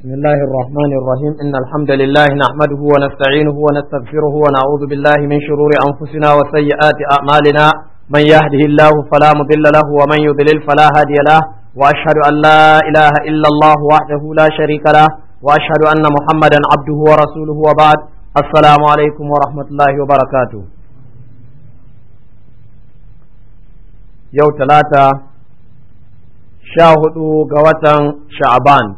بسم الله الرحمن الرحيم إن الحمد لله نحمده ونستعينه ونستغفره ونعوذ بالله من شرور أنفسنا وسيئات أعمالنا من يهده الله فلا مضل له ومن يضلل فلا هادي له وأشهد أن لا إله إلا الله وحده لا شريك له وأشهد أن محمدا عبده ورسوله وبعد السلام عليكم ورحمة الله وبركاته يوم ثلاثة شاهدوا قوة شعبان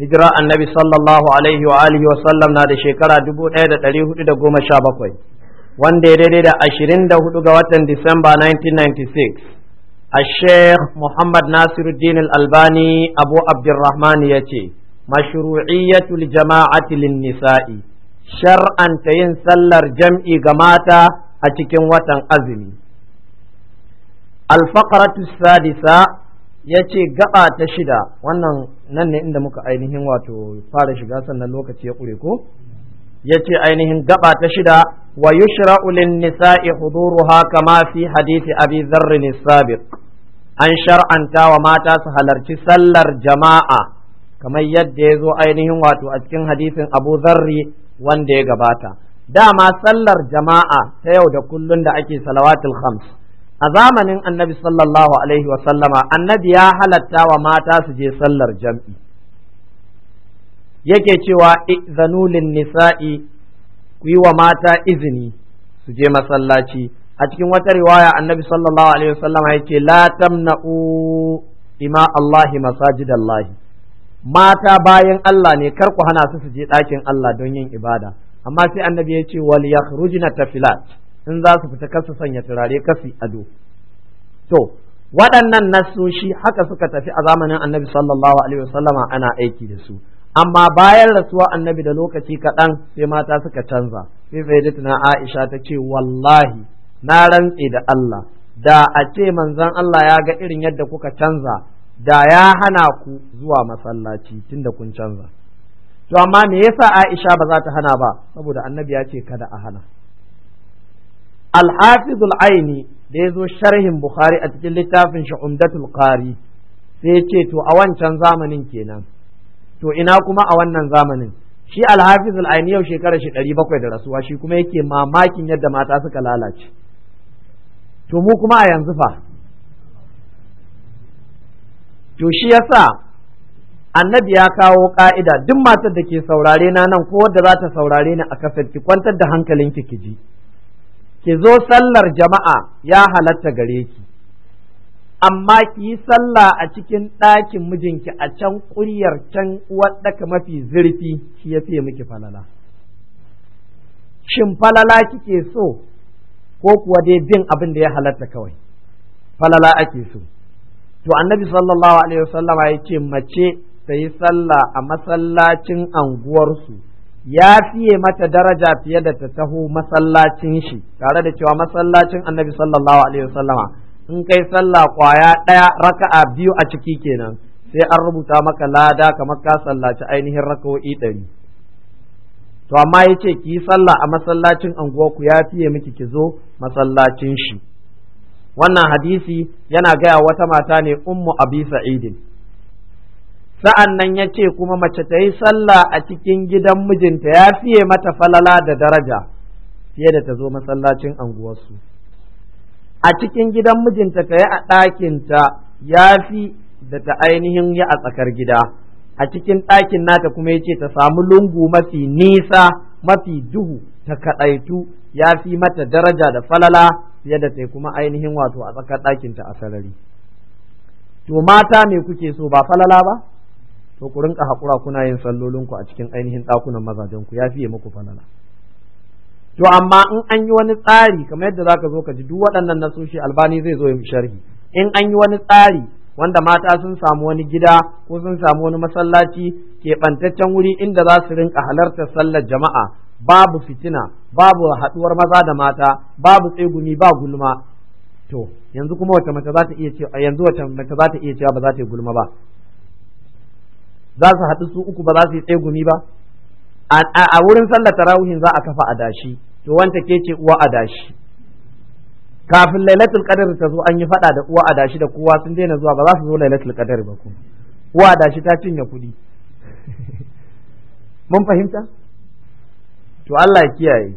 hijira annabi sallallahu alaihi wa alihi wa sallam na da shekara 1417 wanda ya daidai da 24 ga watan Disamba 1996 a Sheikh Muhammad Nasiruddin Al-Albani Abu Abdurrahman ya ce mashru'iyyatul jama'ati lin-nisa'i shar'anta yin sallar jam'i ga mata a cikin watan azumi al-faqratu ya ce gaɓa ta shida wannan nan ne inda muka ainihin wato fara shiga sannan lokaci ya ƙure ko ce ainihin gaba ta shida wa yushra'u lin nisa'i huduruha kama fi hadisi abi zarri nisabir. an shar'anta wa mata su halarci sallar jama'a kamar yadda ya zo ainihin wato a cikin hadisin abu zarri wanda ya gabata dama sallar jama'a ta yau da kullum da ake salawatul khams a zamanin annabi sallallahu alaihi sallama annabi ya halatta wa mata su je sallar jam'i yake cewa zanulin nisa'i ku yi wa mata izini su je masallaci a cikin wata riwaya annabi sallallahu alaihi wasallama yake la tamna'u ima Allahi masajidallahi mata bayan Allah ne kar ku hana su su je ɗakin Allah don yin ibada amma sai annabi ya ce wal yakhrujna tafilat in za su fita kasu sanya turare kasi ado to waɗannan nasoshi haka suka tafi a zamanin annabi sallallahu alaihi wasallama ana aiki da su amma bayan rasuwa annabi da lokaci kaɗan sai mata suka canza sai na aisha ta ce wallahi na rantse da Allah da a ce manzon Allah ya ga irin yadda kuka canza da ya hana ku zuwa masallaci tunda kun canza to amma me yasa Aisha ba za ta hana ba saboda annabi ya ce kada a hana Alhafizul aini da ya zo sharhin bukhari a cikin littafin shi qari sai ce to a wancan zamanin kenan to ina kuma a wannan zamanin shi al-hafiz aini yau shekara shi 700 da rasuwa shi kuma yake mamakin yadda mata suka lalace to mu kuma a yanzu fa to shi yasa annabi ya kawo ka'ida duk matar da ke saurare na nan ko wadda za ta saurare ni a kasar ki kwantar da hankalinki ki ji ki zo sallar jama'a ya halatta gare ki amma ki yi sallah a cikin ɗakin mijinki a can ƙuryar can waɗaka mafi zurfi shi ya fiye miki falala shin falala kike so ko kuwa dai bin abin da ya halatta kawai falala ake so to annabi sallallahu alaihi wasallama ya ce mace ta yi sallah a masallacin anguwarsu ya fiye mata daraja fiye da ta taho masallacin shi tare da cewa masallacin annabi sallallahu alaihi wasallama in kai sallah kwaya ɗaya raka'a biyu a ciki kenan sai an rubuta maka lada kamar ka sallaci ainihin raka'o'i ɗari to amma ya ce ki sallah a masallacin unguwarku ya fiye miki ki zo masallacin shi wannan hadisi yana gaya wata mata ne ummu abi sa'idin sa'an nan ya ce kuma mace ta yi sallah a cikin gidan mijinta ya fiye mata falala da daraja fiye da ta zo masallacin anguwarsu a cikin gidan mijinta ka yi a ɗakinta ya fi da ta ainihin ya a tsakar gida a cikin ɗakin nata kuma ya ce ta samu lungu mafi nisa mafi duhu ta kaɗaitu ya fi mata daraja da falala fiye da ta kuma ainihin wato a tsakar ɗakinta a sarari to mata me kuke so ba falala ba to ku rinka haƙura kuna yin ku a cikin ainihin ɗakunan mazajenku ya fiye muku falala to amma in an yi wani tsari kamar yadda zaka zo ka ji duk waɗannan nasoshi albani zai zo ya sharhi in an yi wani tsari wanda mata sun samu wani gida ko sun samu wani masallaci keɓantaccen wuri inda za su rinka halartar sallar jama'a babu fitina babu haɗuwar maza da mata babu tsegumi ba gulma to yanzu kuma wata mace za ta iya cewa yanzu wata mace za ta iya cewa ba za ta yi gulma ba za su haɗu su uku ba za su yi tsegumi ba a wurin sallar tarawihin za a kafa adashi to wanta ke ce uwa adashi kafin lailatul qadr ta zo an yi fada da uwa adashi da kowa sun daina zuwa ba za su zo lailatul qadr ba ku uwa adashi ta cinye kuɗi mun fahimta to Allah ya kiyaye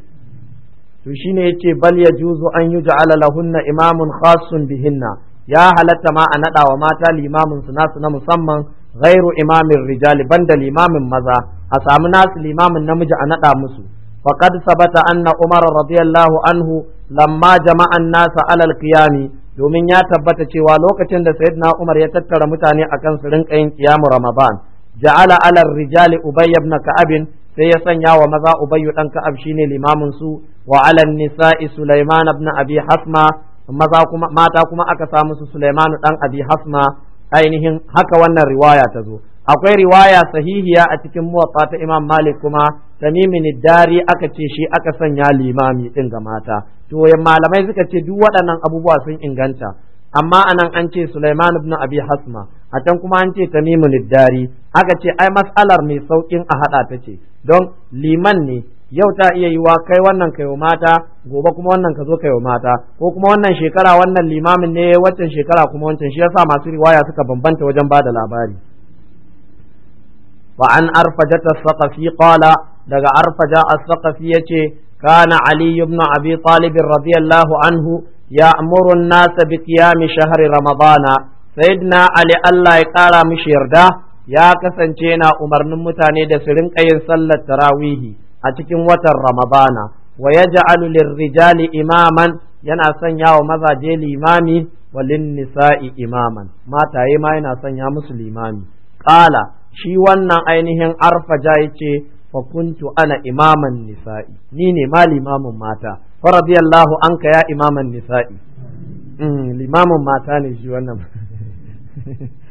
to shine yace bal yajuzu an yuj'ala lahunna imamun khassun bihinna ya halatta ma a nada wa mata limamin sunasu nasu na musamman ghairu imamin rijali banda limamin maza a samu nasu limamin namiji a naɗa musu faqad sabata anna umar radiyallahu anhu lamma jama'an nasa alal kiyami, domin ya tabbata cewa lokacin da na umar ya tattara mutane akan su rinka yin qiyamu ramadan ja'ala alal rijali ubay ibn ka'ab sai ya sanya wa maza ubayyu dan ka'ab shine limamin su wa alan nisa'i sulaiman ibn abi hasma maza kuma mata kuma aka samu su sulaimanu dan abi hasma ainihin haka wannan riwaya ta zo akwai riwaya sahihiya a cikin muwatta ta Imam Malik kuma tamimin dari aka ce shi aka sanya limami din ga mata to malamai suka ce duk waɗannan abubuwa sun inganta amma anan an ce Sulaiman ibn Abi Hasma a can kuma an ce tamimin dari aka ce ai mas'alar mai saukin a hada ta ce don liman ne yau ta iya yiwa kai wannan kayo mata gobe kuma wannan ka zo kayo mata ko kuma wannan shekara wannan limamin ne waccan shekara kuma wancan shi yasa masu riwaya suka bambanta wajen bada labari wa an arfajata saqafi qala daga arfaja as-saqafi yace kana ali ibn abi talib radiyallahu anhu ya'muru an-nasa bi qiyam shahri ramadana sayyidina ali Allah ya kara mishi yarda ya kasance na umarnin mutane da su rinka yin sallar tarawihi a cikin watan ramadana wa yaj'alu lirrijali imaman yana sanya wa mazaje limami wa nisa'i imaman mataye ma yana sanya musu limami Ƙala shi wannan ainihin arfaja ce, fa kuntu ana imaman nisa'i ni ne ma limamin mata fa radiyallahu an ya imaman nisa'i mm, limamin mata ne shi wannan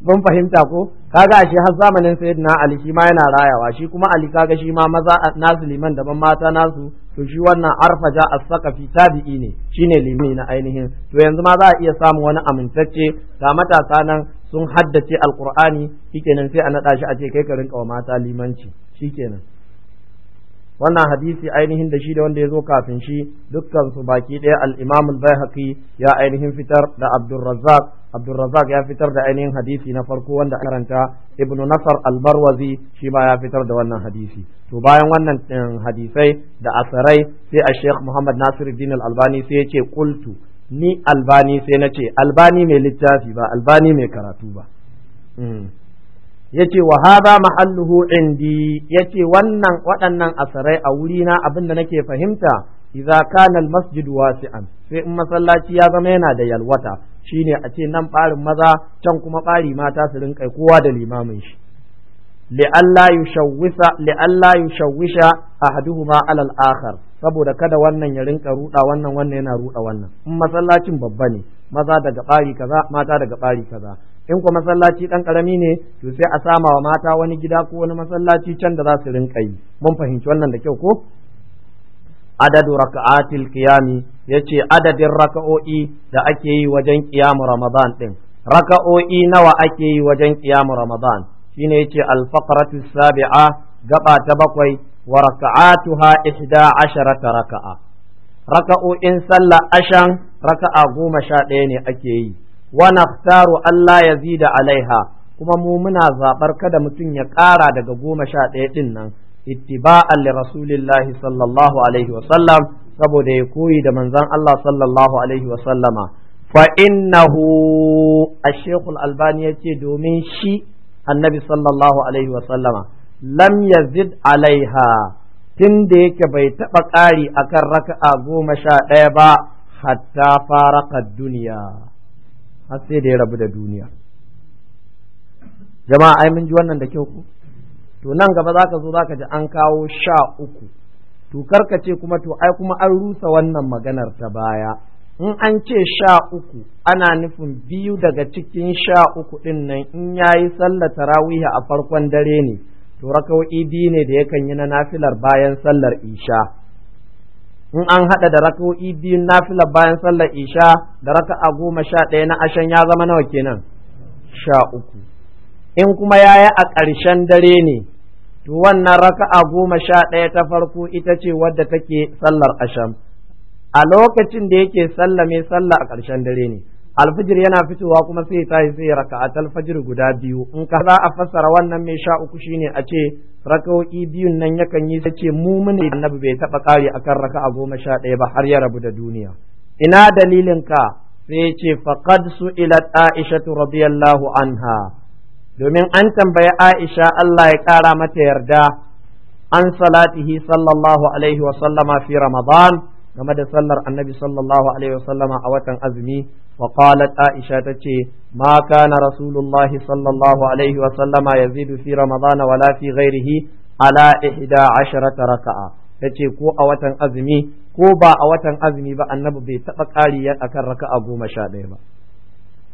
mun fahimta ko kaga ashe har zamanin sayyidina ali shi ma yana rayawa shi kuma ali kaga shi ma maza nasu liman daban mata nasu to shi wannan arfaja as-saqafi tabi'i ne shine limi na ainihin to yanzu ma za a iya samu wani amintacce ga matasa nan sun haddace alqur'ani shikenan sai a nada shi a ce kai ka rinka wa mata limanci shikenan wannan hadisi ainihin da shi da wanda ya zo kafin shi dukkan su baki ɗaya al-imam al-baihaqi ya ainihin fitar da abdurrazzaq Abdulrazak ya fitar da ainihin hadisi na farko wanda karanta Ibn Nasar Albarwazi shi ma ya fitar da wannan hadisi to bayan wannan eh, hadisai da asarai sai a Sheikh Muhammad Nasiruddin Al-Albani sai ya ce qultu ni Albani sai na ce Albani mai littafi ba Albani mai karatu ba hmm. yace wa hada mahalluhu indi yace wannan waɗannan asarai a wurina abinda nake fahimta idza kana almasjid wasi'an sai in masallaci ya zama yana da yalwata shine a ce nan barin maza can kuma bari mata su rinka kowa da limamin shi li'alla yushawwisa li'alla yushawwisha ahaduhuma ala al-akhar saboda kada wannan ya rinka ruda wannan wannan yana ruda wannan in masallacin babba ne maza daga bari kaza mata daga bari kaza in kuma masallaci dan karami ne to sai a sama wa mata wani gida ko wani masallaci can da za su rinka yi mun fahimci wannan da kyau ko adadu raka'atil qiyami yace adadin raka'o'i da ake yi wajen qiyamu ramadan din raka'o'i nawa ake yi wajen qiyamu ramadan shine yace al faqratu sabi'a gaba ta bakwai wa raka'atuha ihda asharata raka'a raka'o'in sallah ashan raka'a goma sha ɗaya ne ake yi wa naftaru Allah yazida alaiha kuma mu muna zabar kada mutum ya ƙara daga goma sha ɗaya ɗin nan ittiba'an li rasulillahi sallallahu alaihi wa sallam saboda ya koyi da manzon Allah sallallahu alaihi wa sallama fa innahu ash-shaykh al-albani yace domin shi annabi sallallahu alaihi wa sallama lam yazid alaiha tun da yake bai taɓa ƙari akan raka'a goma sha ɗaya ba hatta faraka duniya har sai da ya rabu da duniya jama'a ai mun ji wannan da kyau ku to nan gaba za ka zo za ka ji an kawo sha uku to karka ce kuma to ai kuma an rusa wannan maganar ta baya in an ce sha uku ana nufin biyu daga cikin sha uku ɗin nan in ya yi sallar tarawihi a farkon dare ne to raka'o'i biyu ne da yakan yi na nafilar bayan sallar isha in an haɗa da raka'o'i biyu nafilar bayan sallar isha da raka'a goma sha ɗaya na ashen ya zama nawa kenan sha uku in kuma ya yi a ƙarshen dare ne to wannan raka'a goma sha ɗaya ta farko ita ce wadda take sallar asham a lokacin da yake sallame sallah a ƙarshen dare ne alfijir yana fitowa kuma sai ta yi sai raka'a talfajir guda biyu in ka za a fassara wannan mai sha uku shine a ce raka'o'i biyun nan yakan yi ta ce mu mun annabi bai taɓa ƙari akan raka'a goma sha ɗaya ba har ya rabu da duniya ina dalilin ka sai ce faqad su'ilat aishatu radiyallahu anha domin an tambayi Aisha Allah ya ƙara mata yarda an salatihi sallallahu alaihi wa sallama fi Ramadan game da sallar Annabi sallallahu alaihi wa sallama a watan azumi wa qalat Aisha tace ma kana rasulullahi sallallahu alaihi wa sallama yazidu fi Ramadan wala fi ghairihi ala 11 raka'a tace ko a watan azumi ko ba a watan azumi ba Annabi bai taɓa ƙari akan raka'a goma sha ɗaya ba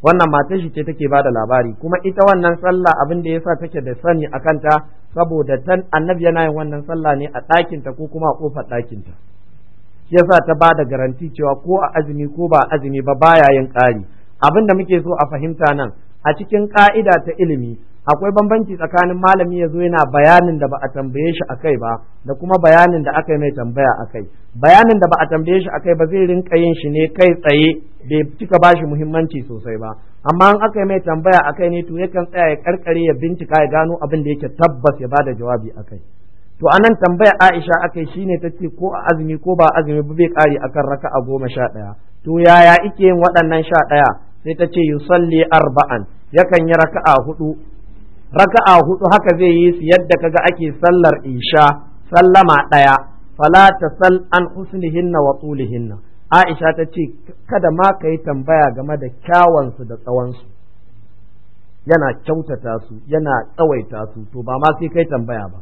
wannan matar shi ce take bada labari kuma ita wannan sallah abin da yasa take da sani a kanta saboda tan annabi yana yin wannan sallah ne a ɗakinta ko kuma a kofar ɗakinta shi yasa ta bada garanti cewa ko a azumi ko ba azumi ba baya yin ƙari abin da muke so a fahimta nan a cikin ƙa'ida ta ilimi akwai bambanci tsakanin malami ya zo yana bayanin da ba a tambaye shi a kai ba da kuma bayanin da aka yi mai tambaya a kai bayanin da ba a tambaye shi a kai ba zai rinka yin shi ne kai tsaye bai cika ba shi muhimmanci sosai ba amma in aka yi mai tambaya a kai ne to yakan tsaya ya karkare ya bincika ya gano abin da yake tabbas ya bada jawabi a kai to anan tambaya Aisha a kai shine ta ce ko a azumi ko ba azumi ba bai kare akan a goma sha ɗaya to yaya ike yin waɗannan sha ɗaya sai ta ce yusalli arba'an yakan yi raka'a hudu raka'a hudu haka zai yi su yadda kaga ake sallar isha sallama ɗaya fala Sal'an, an husnihinna wa tulihinna Aisha ta ce kada ma ka yi tambaya game da kyawansu da su yana kyautata su yana tsawaita su to ba ma sai kai tambaya ba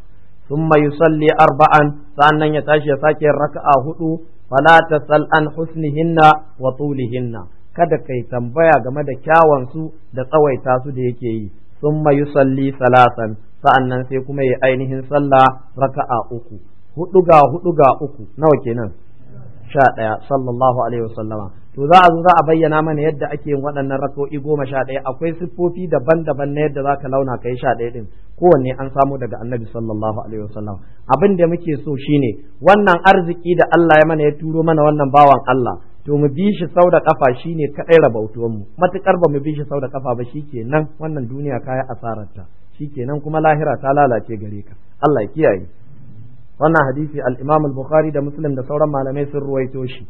ya tashi ya ya tashi ya sake ta sal an husnihinna wa tulihinna kada kai tambaya game da kyawansu da tsawaita su da yake yi ثم يصلي salasan sa'annan sai kuma ya ainihin sallah raka'a uku hudu ga hudu ga uku nawa kenan sha ɗaya sallallahu alaihi wasallama to za a zo za a bayyana mana yadda ake yin waɗannan raka'o'i goma sha ɗaya akwai siffofi daban-daban na yadda zaka launa ka sha ɗaya ɗin kowanne an samu daga annabi sallallahu alaihi wasallam abin da muke so shine wannan arziki da Allah ya mana ya turo mana wannan bawan Allah to mu bi shi sau da kafa shi ne kaɗai mu matuƙar ba mu bi shi sau da kafa ba shi ke nan wannan duniya ka yi asararta shi ke nan kuma lahira ta lalace gare ka Allah ya kiyaye wannan hadisi al-Imam al-Bukhari da Muslim da sauran malamai sun ruwaito shi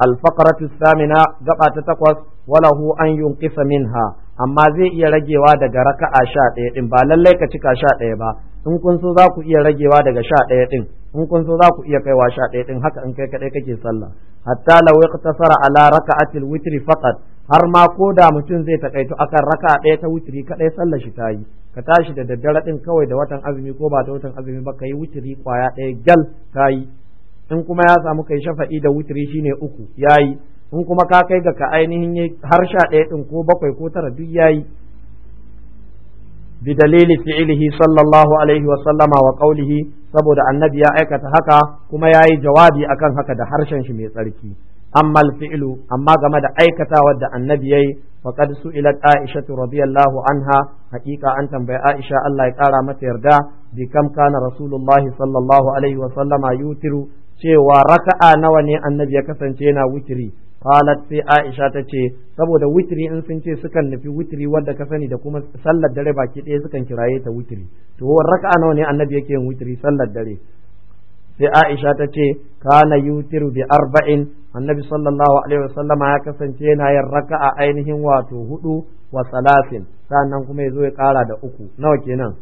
al-faqratu samina gaba ta takwas walahu an yunqisa minha amma zai iya ragewa daga raka'a sha ɗaya din ba lallai ka cika sha ɗaya ba in kun so za ku iya ragewa daga sha ɗaya ɗin in kun so za ku iya kaiwa sha ɗaya ɗin haka in kai kaɗai kake sallah hatta law tasara ala atil witri faqat har ma ko da mutum zai a akan raka ɗaya ta witri kaɗai sallar shi ta yi ka tashi da daddare ɗin kawai da watan azumi ko ba da watan azumi ba ka yi witri kwaya ɗaya gal ta yi in kuma ya samu kai shafa'i da witri shine uku ya yi in kuma ka kai ga ka ainihin har sha ɗaya ɗin ko bakwai ko tara duk ya yi bi dalili fi'ilihi sallallahu alaihi wa sallama wa qawlihi saboda annabi ya aikata haka kuma yayi jawabi akan haka da harshen shi mai tsarki amma al-fi'lu amma game da aikatawar da annabi yayi faqad su'ilat aisha radiyallahu anha haqiqa an tambayi aisha Allah ya kara mata yarda bi kam kana rasulullahi sallallahu alaihi wa sallama yutiru cewa raka'a nawa ne annabi ya kasance yana wutiri qalat sai Aisha ta saboda witri in sun ce sukan nufi witri wanda ka sani da kuma sallar dare baki ɗaya sukan kiraye ta witri to raka'a nawa ne annabi yake yin witri sallar dare sai Aisha ta ce kana yutiru bi arba'in annabi sallallahu alaihi wasallama ya kasance yana yin raka'a ainihin wato hudu wa salasin sannan kuma yazo ya kara da uku nawa kenan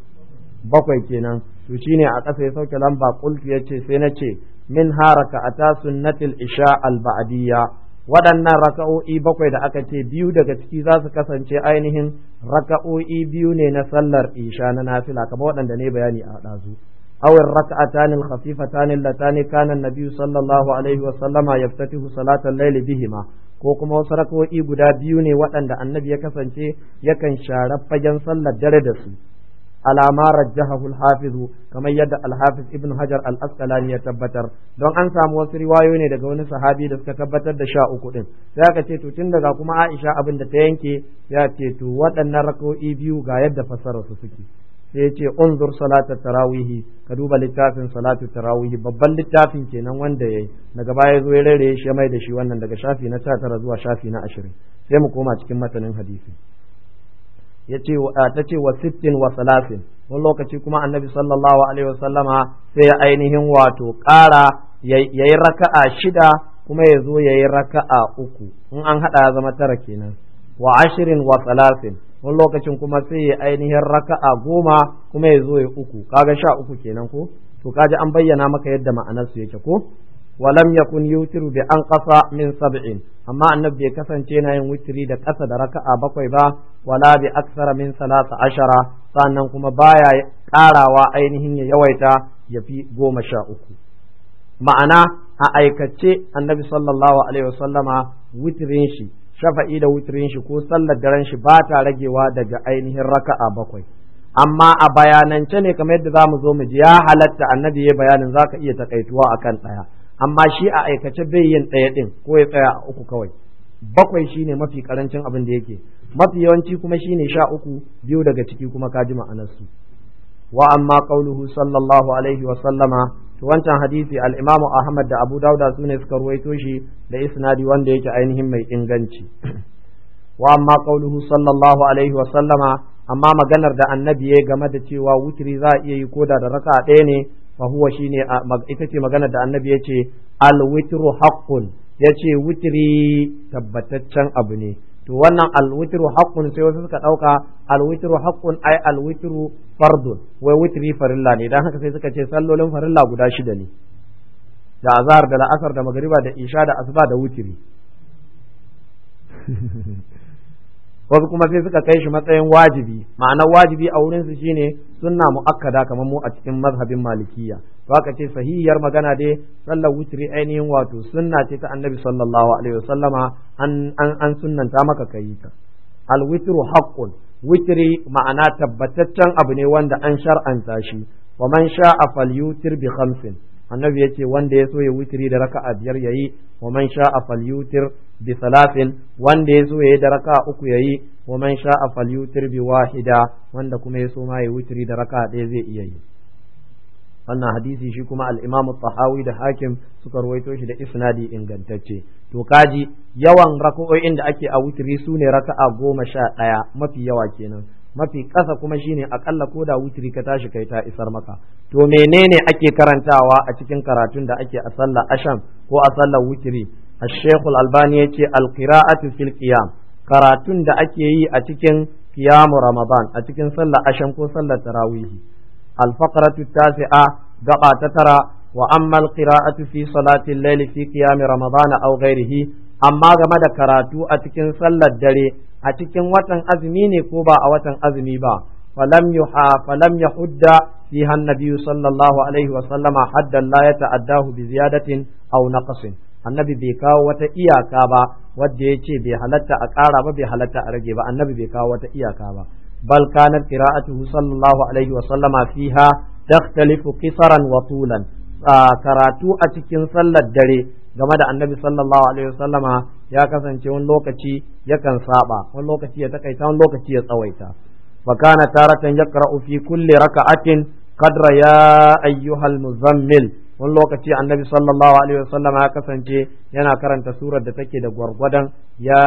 bakwai kenan to shine a ƙasa ya sauke lamba kultu yace sai na ce min haraka ata sunnatil isha al ba'diyya waɗannan raka'o'i bakwai da aka ce biyu daga ciki za su kasance ainihin raka'o'i biyu ne na sallar isha na nafila kamar waɗanda ne bayani a ɗazu awin raka'atan al-khafifatan allatan kana nabi sallallahu alaihi wa sallama yaftatihu salatan layli bihima ko kuma wasu raka'o'i guda biyu ne waɗanda annabi ya kasance yakan share fagen sallar dare da su alama ma rajjahahu al-hafiz kamar yadda al-hafiz ibn hajar al-asqalani ya tabbatar don an samu wasu riwayoyi ne daga wani sahabi da suka tabbatar da sha uku din sai aka ce to tun daga kuma Aisha abin da ta yanke ya ce to waɗannan rak'o'i biyu ga yadda fassarar su suke sai ya ce unzur salatu tarawihi ka duba littafin salatu tarawihi babban littafin kenan wanda yayi daga baya zo ya rere shi mai da shi wannan daga shafi na 19 zuwa shafi na 20 sai mu koma cikin matanin hadisi yace ah, tace wa sittin wa salasin wani lokaci kuma annabi sallallahu alaihi wasallama sai ya ainihin wato ƙara yayi raka'a shida kuma ya zo yayi raka'a uku in an haɗa ya zama tara kenan wa ashirin wa salasin wani lokacin kuma sai ya ainihin raka'a goma kuma ya zo ya uku kaga sha uku kenan ko to kaji an bayyana maka yadda ma'anarsu yake ko walam yakun yutiru bi an ƙasa min sab'in amma annabi bai kasance yana yin witri da ƙasa da raka'a bakwai ba wala bi aksara min salasa ashara sannan kuma baya karawa ainihin ya yawaita ya fi goma sha uku ma'ana a aikace annabi sallallahu alaihi wasallama witrin shi shafa'i da witrin shi ko sallar daren shi ba ta ragewa daga ainihin raka'a bakwai amma a bayanance ne kamar yadda za mu zo mu ji ya halatta annabi ya bayanin za ka iya takaituwa akan ɗaya amma shi a aikace bai yin ɗaya ɗin ko ya tsaya a uku kawai bakwai shine mafi karancin abin da yake mafi yawanci kuma shine sha uku biyu daga ciki kuma ka ji ma'anarsu wa amma qauluhu sallallahu alaihi wa sallama to wancan hadisi al-imamu ahmad da abu dauda su ne suka ruwaito shi da isnadi wanda yake ainihin mai inganci wa amma qauluhu sallallahu alaihi wa sallama amma maganar da annabi ya game da cewa wuturi za a iya yi koda da raka ɗaya ne fa shi shine ita ce maganar da annabi ya ce al-witru haqqun ya ce wuturi tabbataccen abu ne to wannan alwitru haqqun sai wasu suka ɗauka alwitru haqqun ai alwitru fardun wai witri farilla ne dan haka sai suka ce sallolin farilla guda shida ne da azhar da la'asar da magariba da isha da asuba da witri wasu kuma sai suka kai shi matsayin wajibi ma'anar wajibi a wurin su shine sunna muakkada kamar mu a cikin mazhabin malikiyya to aka ce sahihiyar magana dai sallar wutri ainihin wato sunna ce ta annabi sallallahu alaihi wasallama an an an sunnanta maka kayi ta al witru haqqun witri ma'ana tabbataccen abu ne wanda an shar'anta shi wa man sha'a falyutir bi khamsin annabi ce wanda ya so ya witiri da raka'a biyar yayi wa man sha'a falyutir bi salatin wanda ya so ya da raka'a uku yayi wa man sha'a falyutir bi wahida wanda kuma ya so ma ya witiri da raka'a ɗaya zai iya yi wannan hadisi shi kuma al-Imam tahawi da Hakim suka ruwaito shi da isnadi ingantacce to kaji yawan raka'o'in da ake a witiri sune raka'a goma sha ɗaya mafi yawa kenan mafi ƙasa kuma shine akalla ko da witri ka tashi kai ta isar maka to menene ake karantawa a cikin karatun da ake a sallah asham ko a sallar witri ash-shaykh al-albani yace al karatun da ake yi a cikin qiyam ramadan a cikin sallar asham ko sallar tarawihi al-faqratu tasi'a gaba ta tara wa amma al-qira'atu fi salati ramadan aw ghayrihi amma game da karatu a cikin sallar dare a cikin watan azumi ne ko ba a watan azumi ba falam yuha falam yahudda fi annabi sallallahu alaihi wa sallama haddan la ya ta'addahu bi ziyadatin aw naqsin annabi bai kawo wata iyaka ba wanda ya ce bai halatta a ƙara ba bai halatta a rage ba annabi bai kawo wata iyaka ba bal kana qira'atuhu sallallahu alaihi wa sallama fiha takhtalifu qisaran wa tulan karatu a cikin sallar dare game da annabi sallallahu alaihi wa sallama ya kasance wani lokaci yakan saba wani lokaci ya takaita wani lokaci ya tsawaita fa kana taratan yaqra'u fi kulli raka'atin qadra ya ayyuhal muzammil wani lokaci annabi sallallahu alaihi wasallam ya kasance yana karanta surar da take da gwargwadon ya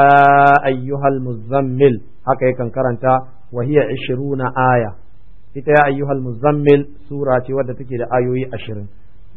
ayyuhal muzammil haka yakan karanta wa hiya 20 aya ita ya ayyuhal muzammil sura ce wadda take da ayoyi 20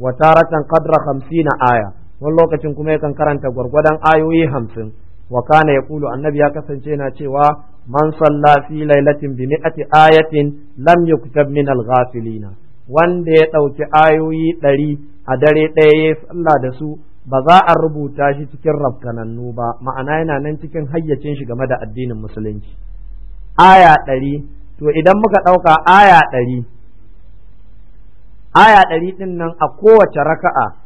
wa taratan qadra 50 aya wani lokacin kuma yakan karanta gwargwadon ayoyi hamsin wa kana kulu annabi ya kasance yana cewa man salla fi lailatin bi mi'ati ayatin lam yuktab min al-ghafilina wanda ya ɗauki ayoyi ɗari a dare ɗaya ya salla da su ba za a rubuta shi cikin rafkanannu ba ma'ana yana nan cikin hayyacin shi game da addinin musulunci aya ɗari to idan muka ɗauka aya ɗari aya ɗari ɗin nan a kowace raka'a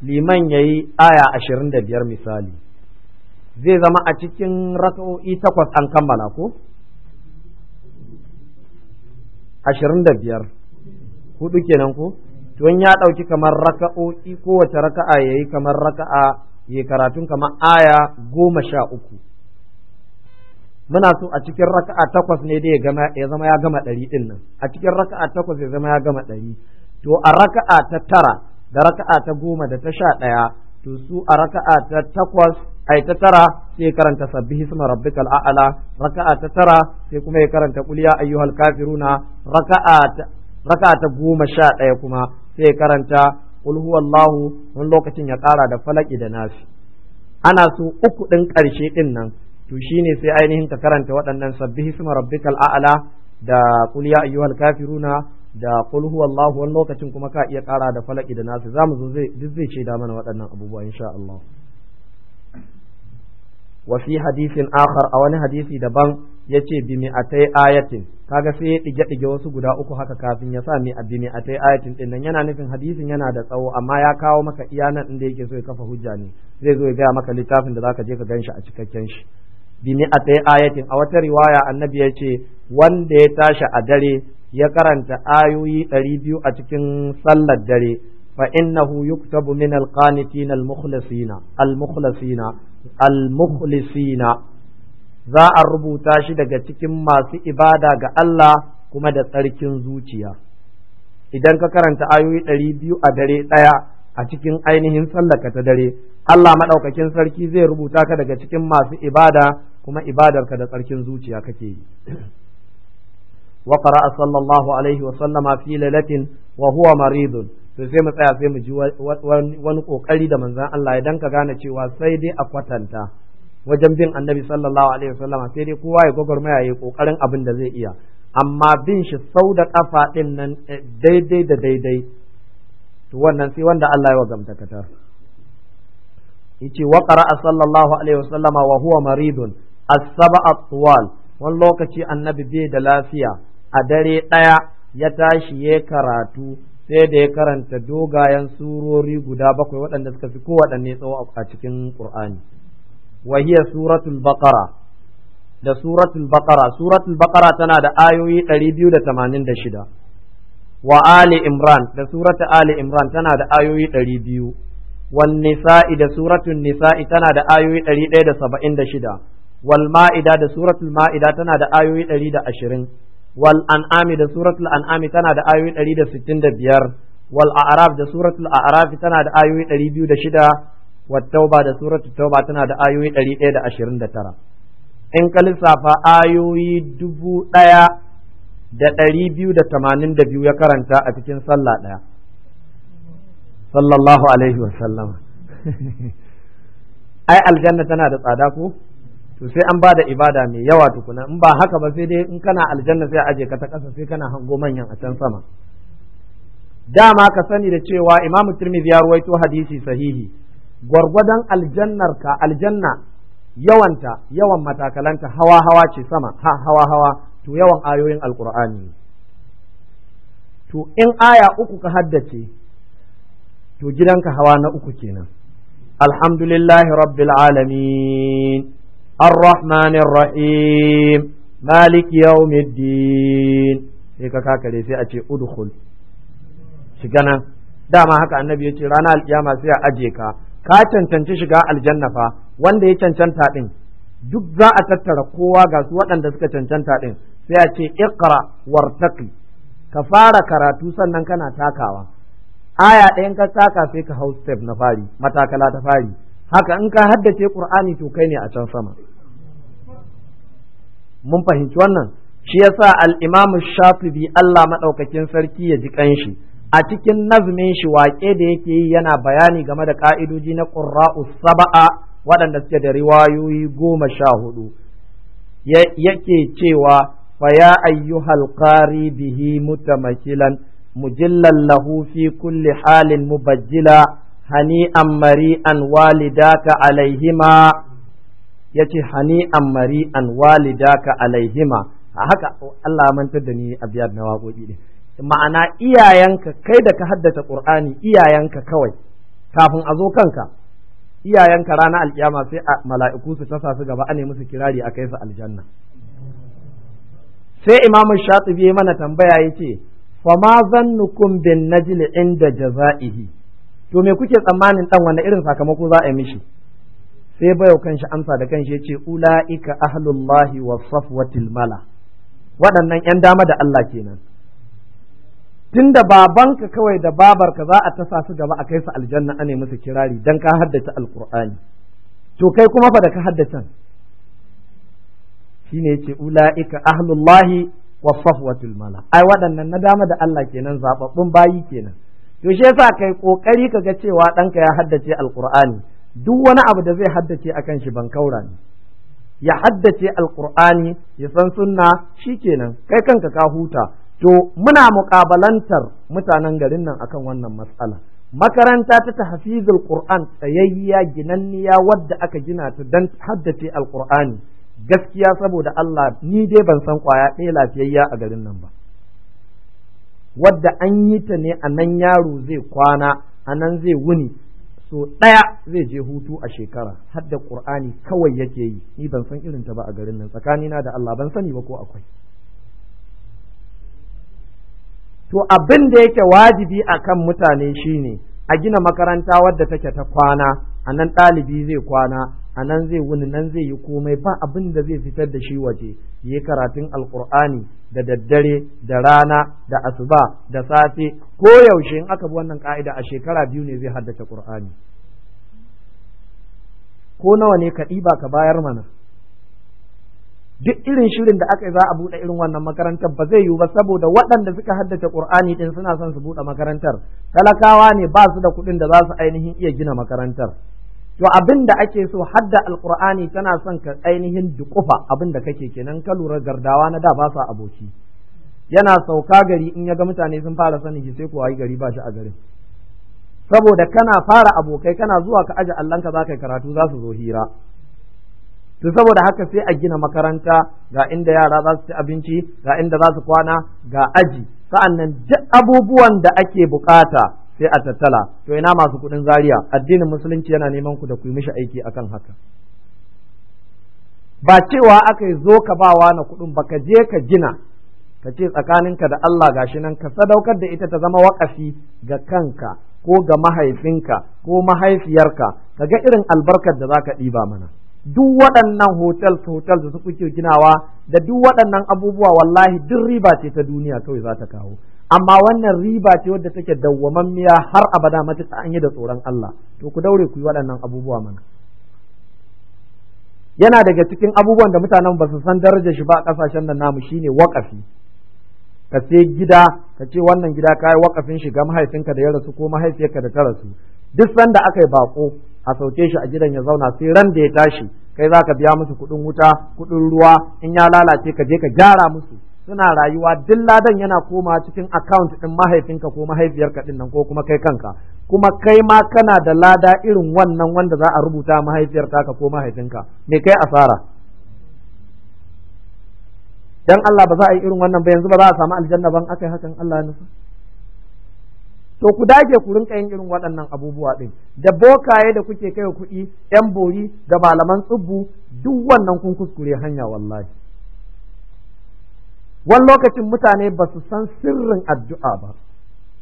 liman ya yi aya ashirin da biyar misali zai zama a cikin raka'o'i takwas an kammala ko? ashirin da biyar hudu kenan ko? tun ya ɗauki kamar raka'o'i kowace raka'a ya yi kamar raka'a ya yi karatun kamar aya goma sha uku muna so a cikin raka'a takwas ne dai ya zama ya gama ɗari ɗin nan a cikin raka'a takwas ya zama ya gama ɗari to a raka'a ta tara da raka'a ta goma da ta sha ɗaya to su a raka'a ta takwas ai ta tara sai karanta sabbi hisma rabbikal a'la raka'a ta tara sai kuma ya karanta qul ya ayyuhal kafiruna raka'a ta goma sha ɗaya kuma sai ya karanta qul huwallahu wani lokacin ya ƙara da falaki da nasi ana so uku ɗin ƙarshe ɗin nan to ne sai ainihin ka karanta waɗannan sabbi hisma rabbikal da qul ya ayyuhal kafiruna da qul huwallahu wani lokacin kuma ka iya kara da falaki da nasu zamu zo zai duk zai ce da mana waɗannan abubuwa insha Allah wa fi hadisin akhar a wani hadisi daban yace bi mi'atai ayatin kaga sai ya dige dige wasu guda uku haka kafin ya sa mi bi mi'atai ayatin din nan yana nufin hadisin yana da tsawo amma ya kawo maka iyanan nan inda yake so ya kafa hujja ne zai zo ya gaya maka littafin da zaka je ka ganshi a cikakken shi bi mi'atai ayatin a wata riwaya annabi ya ce wanda ya tashi a dare ya karanta ayoyi ɗari biyu a cikin sallar dare fa innahu yuktabu min alqanitina almukhlasina almukhlasina almukhlisina za a rubuta shi daga cikin masu ibada ga Allah kuma da tsarkin zuciya idan ka karanta ayoyi ɗari biyu a dare ɗaya a cikin ainihin sallaka ta dare Allah maɗaukakin sarki zai rubuta ka daga cikin masu ibada kuma ibadarka da tsarkin zuciya kake yi wa qara'a sallallahu alaihi wa sallama fi lailatin wa huwa maridun to sai mu tsaya sai mu ji wani kokari da manzon Allah ya ka gane cewa sai dai a kwatanta wajen bin annabi sallallahu alaihi wasallama sai dai kowa ya gwagwarmaya ya kokarin abin da zai iya amma bin shi sau da kafa din nan eh, daidai da daidai to wannan sai wanda Allah ya wa gamtakatar yace wa qara'a sallallahu alaihi wasallama wa huwa maridun asaba saba tuwal wani lokaci annabi bai da lafiya a dare ɗaya ya tashi ya karatu sai da ya karanta dogayen surori guda bakwai waɗanda suka fi kowaɗanne tsawo a cikin Qur'ani wa hiya suratul baqara da suratul baqara suratul baqara tana da ayoyi 286 wa ali imran da suratul ali imran tana da ayoyi 200 wan nisa'i da suratul nisa'i tana da ayoyi 176 wal ma'ida da suratul ma'ida tana da ayoyi 120 wal an'ami da suratul an'ami tana da ayoyi 165 wal a'raf da suratul a'raf tana da ayoyi 206 wat tauba da suratul tauba tana da ayoyi 129 in ka lissafa ayoyi dubu ɗaya da ɗari biyu da tamanin da biyu ya karanta a cikin sallah daya. sallallahu alaihi wa sallam. ai aljanna tana da tsada ko to sai an bada ibada mai yawa tukuna in ba haka ba sai dai in kana aljanna sai aje ka ta kasa sai kana hango manyan a can sama dama ka sani da cewa Imam Tirmidhi ya ruwaito hadisi sahihi gwargwadon aljannar ka aljanna yawanta yawan matakalanta hawa hawa ce sama ha hawa hawa to yawan ayoyin alqur'ani to in aya uku ka haddace to gidanka hawa na uku kenan alhamdulillahi rabbil alamin الرحمن الرحيم مالك يوم الدين sai ka kakare sai a ce shiga nan dama haka annabi ya ce ranar alkiyama sai a aje ka ka cancanci shiga aljanna fa wanda ya cancanta din duk za a tattara kowa ga su waɗanda suka cancanta din sai a ce iqra wartaqi ka fara karatu sannan kana takawa aya ɗayan ka taka sai ka hau step na fari matakala ta fari haka in ka haddace qur'ani to kai ne a can sama mun fahimci wannan shi yasa al-imamu shafibi Allah madaukakin sarki ya ji kanshi a cikin nazmin shi waƙe da yake yi yana bayani game da ka'idoji na qurra'u saba'a waɗanda suke da riwayoyi goma sha hudu yake cewa fa ya ayyuhal qari bihi mutamakilan mujillan lahu fi kulli halin mubajjila hani'an mari'an walidaka alaihima ya ce hani an mari an ka alaihima a haka Allah ya mantar da ni a biyar na waƙoƙi ne ma'ana iyayenka kai da ka haddata ƙur'ani iyayenka kawai kafin a zo kanka iyayenka rana alƙiyama sai a mala'iku su tasa su gaba ane musu kirari a kai su aljanna sai imamu shatibi mana tambaya ya ce fa ma zannukum bin najli inda jaza'ihi to me kuke tsammanin dan wanda irin sakamako za a yi mishi sai bayo kanshi amsa da kanshi yace ulaika ahlullahi wa safwatil mala waɗannan yan dama da Allah kenan tunda babanka kawai da babarka za a tasa su gaba a kai su aljanna ane musu kirari dan ka haddace alqur'ani to kai kuma fa da ka haddace shine yace ulaika ahlullahi wa safwatil mala ai waɗannan na dama da Allah kenan zababbun bayi kenan to shi yasa kai kokari kaga cewa ɗanka ya haddace alqur'ani duk wani abu da zai haddace akan shi ban kaura ne ya haddace alqur'ani ya san sunna kenan kai kanka ka huta to muna muƙabalantar mutanen garin nan akan wannan matsala makaranta ta tahfizul qur'an tsayayya ginanniya wadda aka gina ta dan haddace alqur'ani gaskiya saboda Allah ni dai ban san kwaya ɗaya lafiyayya a garin nan ba wadda an yi ta ne a nan yaro zai kwana a nan zai wuni so ɗaya zai je hutu a shekara har da ƙur'ani kawai yake yi ni ban san irin ta ba a garin nan tsakanina da Allah ban sani ba ko akwai to abin da yake wajibi akan mutane shine a gina makaranta wadda take ta kwana a nan ɗalibi zai kwana a nan zai wuni nan zai yi komai ba abin da zai fitar da shi waje yi karatun alkur'ani da daddare da rana da asuba da safe ko yaushe in aka bi wannan ka'ida a shekara biyu ne zai haddace qur'ani ko nawa ne ka ɗiba ka bayar mana duk irin shirin da aka yi za a buɗe irin wannan makarantar ba zai yiwu ba saboda waɗanda suka haddace Qur'ani ɗin suna son su buɗe makarantar talakawa ne ba su da kuɗin da za su ainihin iya gina makarantar to abin da ake so hadda alqur'ani tana son ka ainihin dukufa abin da kake kenan ka lura gardawa na da ba sa aboki yana sauka gari in ya ga mutane sun fara sanin shi sai ko ai gari ba shi a garin saboda kana fara abokai kana zuwa ka aje allanka ka zaka karatu za su zo hira to saboda haka sai a gina makaranta ga inda yara za su ci abinci ga inda za su kwana ga aji sa'annan duk abubuwan da ake bukata sai a tattala to ina masu kuɗin Zariya addinin musulunci yana neman ku da ku yi mishi aiki akan haka ba cewa aka yi zo ka bawa na kuɗin ba ka je ka gina ka ce tsakaninka da Allah gashi nan ka sadaukar da ita ta zama wakafi ga kanka ko ga mahaifinka ko mahaifiyarka ka ga irin albarkar da za ka ɗiba mana duk waɗannan otal hotel da su kuke ginawa da duk waɗannan abubuwa wallahi duk riba ce ta duniya kawai za ta kawo amma wannan riba ce wadda take dawwamammiya har abada matuƙa an yi da tsoron Allah to ku daure ku yi waɗannan abubuwa mana yana daga cikin abubuwan da mutanen ba su san darajar shi ba a ƙasashen nan namu shine waƙafi ka sai gida ka ce wannan gida kai waƙafin shi ga mahaifinka da ya rasu ko mahaifiyarka da ta rasu duk sanda aka yi bako a sauke shi a gidan ya zauna sai ran da ya tashi kai za ka biya musu kuɗin wuta kuɗin ruwa in ya lalace ka je ka gyara musu suna rayuwa duk ladan yana koma cikin account din mahaifinka ko mahaifiyarka din nan ko kuma kai kanka kuma kai ma kana da lada irin wannan wanda za a rubuta mahaifiyar taka ko mahaifinka me kai asara dan Allah ba za a yi irin wannan ba yanzu ba za a samu aljanna ban akai hakan Allah ya nufa to ku dage ku rinka yin irin waɗannan abubuwa ɗin da bokaye da kuke kai kuɗi yan bori da malaman tsubbu duk wannan kun kuskure hanya wallahi wani lokacin mutane ba su san sirrin addu'a ba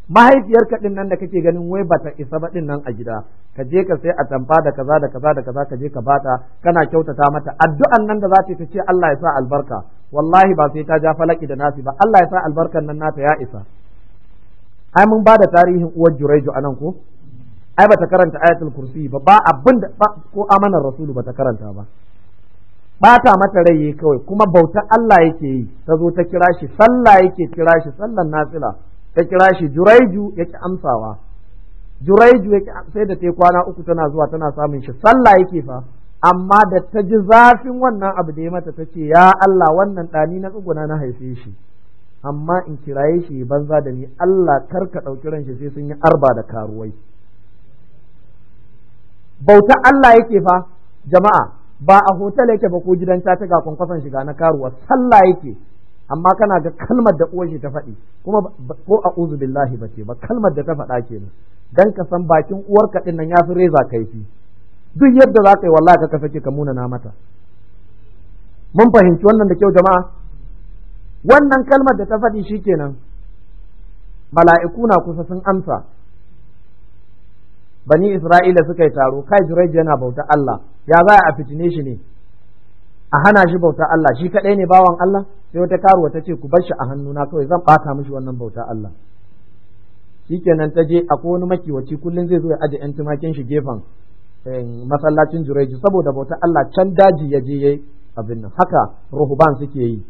mahaifiyar kaɗin nan da kake ganin wai ba ta isa baɗin nan a gida ka je ka sai a tamfa da kaza da kaza da kaza ka je ka bata kana kyautata mata addu'an nan da za ta ce Allah ya sa albarka wallahi ba sai ta ja falaki da nasi ba Allah ya sa albarkan nan nata ya isa ai mun ba da tarihin uwar a nan ko ai ba ta karanta ayatul kursi ba ba abin da ko amanar rasulu ba ta karanta ba bata mata rai kawai kuma bautar Allah yake yi ta zo ta kira shi sallah yake kira shi sallan nafila ta kira shi juraiju yake amsawa juraiju yake sai da ta kwana uku tana zuwa tana samun shi sallah yake fa amma da ta ji zafin wannan abu da ya mata ta ce ya Allah wannan ɗani na tsuguna na haife shi amma in kiraye shi banza da ni Allah kar ka ɗauki ran shi sai sun yi arba da karuwai bauta Allah yake fa jama'a ba a hotel yake ba ko gidan ta ga kwankwason shiga na karuwa sallah yake amma kana ga kalmar da uwar shi ta faɗi kuma ko a uzu billahi ba ce ba kalmar da ta faɗa ke nan, dan ka san bakin uwar ka nan ya fi reza kaifi duk yadda za ka yi wallahi ka sake ka muna na mata mun fahimci wannan da kyau jama'a wannan kalmar da ta faɗi shi kenan mala'iku na kusa sun amsa bani isra'ila suka yi taro kai yana bauta Allah ya za a fitine shi ne a hana shi bauta Allah shi kaɗai ne bawan Allah sai wata karuwa ta ce ku bar shi a hannuna kawai zan ɓata mishi wannan bauta Allah shikenan ta je akwai wani makiwaci kullum zai zo ya aje yan tumakin shi gefen eh, masallacin jureji saboda bauta Allah can daji ya je yayi abin nan haka ruhuban suke yi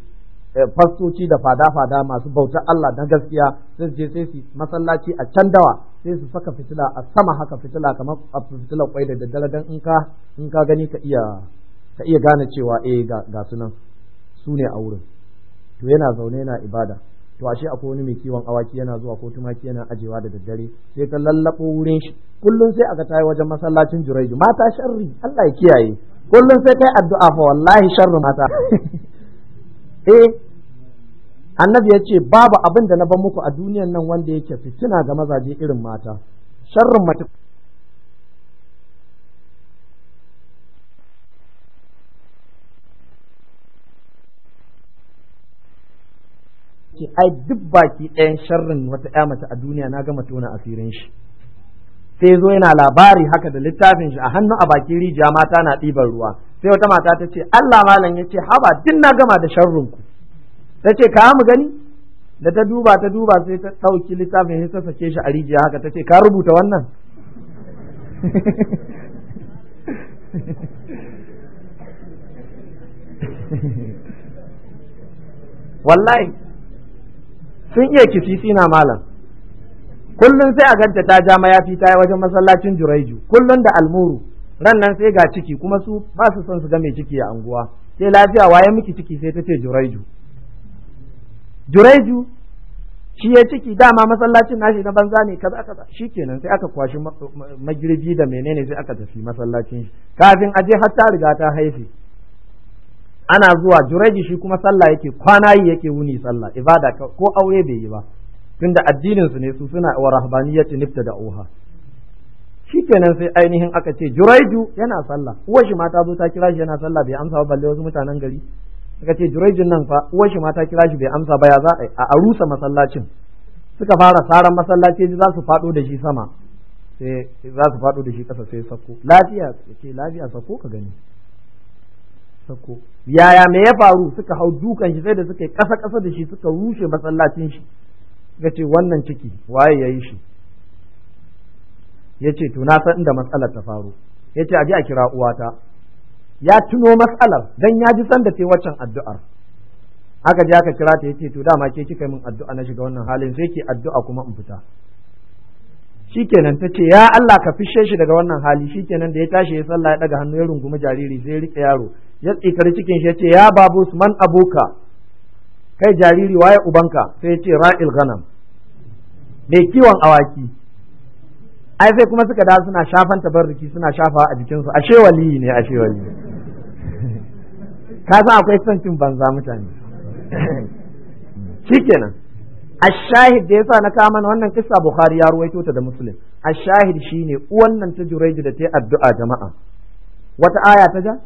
eh, fastoci da fada-fada masu bauta Allah na gaskiya sai je sai su masallaci a can dawa sai su saka fitila a sama haka fitila kamar a fitila kwai da daddare don in ka gani ka iya gane cewa eh ga sunan su ne a wurin to yana zaune yana ibada to ashe akwai wani mai kiwon awaki yana zuwa ko tumaki yana ajewa da daddare sai ka lallabo wurin shi kullum sai aga tayi wajen masallacin Juraiju mata sharri Allah ya kiyaye kullum sai kai addu'a fa wallahi sharri mata eh annabi ya ce babu abin da na ban muku a duniyan nan wanda yake fitina ga mazaje irin mata sharrin mata ce ai duk baki ɗayan sharrin wata ƴa mace a duniya na gama tona asirin shi sai zo yana labari haka da littafin shi a hannu a bakin rijiya mata na ɗiban ruwa sai wata mata ta ce Allah malam ya ce haba duk na gama da sharrin ku ta ce ka mu gani da ta duba ta duba sai ta ɗauki littafin sai ta sake shi a rijiya haka ta ce ka rubuta wannan wallahi sun iya kisisi sina malam kullum sai a ganta ta ja mayafi ta yi wajen masallacin juraiju kullum da almuru ran nan sai ga ciki kuma su ba su son su ga mai ciki a anguwa sai lafiya wa ya miki ciki sai ta ce juraiju jureju shi ya ciki dama masallacin nashi na banza ne kaza kaza shikenan sai aka kwashi magirbi da menene sai aka tafi masallacin shi kafin aje har ta riga ta haife ana zuwa jureji shi kuma sallah yake kwana yi yake wuni sallah ibada ko aure bai yi ba tunda addinin su ne su suna wa rahbaniyyati nifta da oha shikenan sai ainihin aka ce juraiju yana sallah uwar shi mata zo ta kira shi yana sallah bai amsa ba balle wasu mutanen gari suka ce jurejin nan fa uwar shi mata kira shi bai amsa ba ya za a rusa masallacin suka fara saran masallaci za su faɗo da shi sama sai za su faɗo da shi ƙasa sai sako lafiya ce lafiya sako ka gani sako yaya me ya faru suka hau dukan shi sai da suka yi ƙasa ƙasa da shi suka rushe masallacin shi suka ce wannan ciki waye ya yi shi ya ce to na san inda matsalar ta faru ya ce a je a kira uwata ya tuno matsalar dan ya ji sanda ce waccan addu'ar aka je aka kira ta yace to dama ke kika min addu'a na shiga wannan halin sai ke addu'a kuma in fita shikenan ta ce ya Allah ka fishe shi daga wannan hali shikenan da ya tashi ya sallah ya daga hannu ya rungumi jariri sai ya rike yaro ya tsikari cikin shi ya ce ya babu man aboka, kai jariri waye ubanka sai ya ce ra'il ghanam mai kiwon awaki ai sai kuma suka da suna shafan tabarriki suna shafa a jikinsu ashe waliyi ne ashe waliyi ka san akwai son cin banza mutane shikenan ashahid da ya sa na kama na wannan kisa bukhari ya ruwaito ta da muslim ashahid shine uwan nan ta juraiju da ta yi addu'a jama'a wata aya ta ja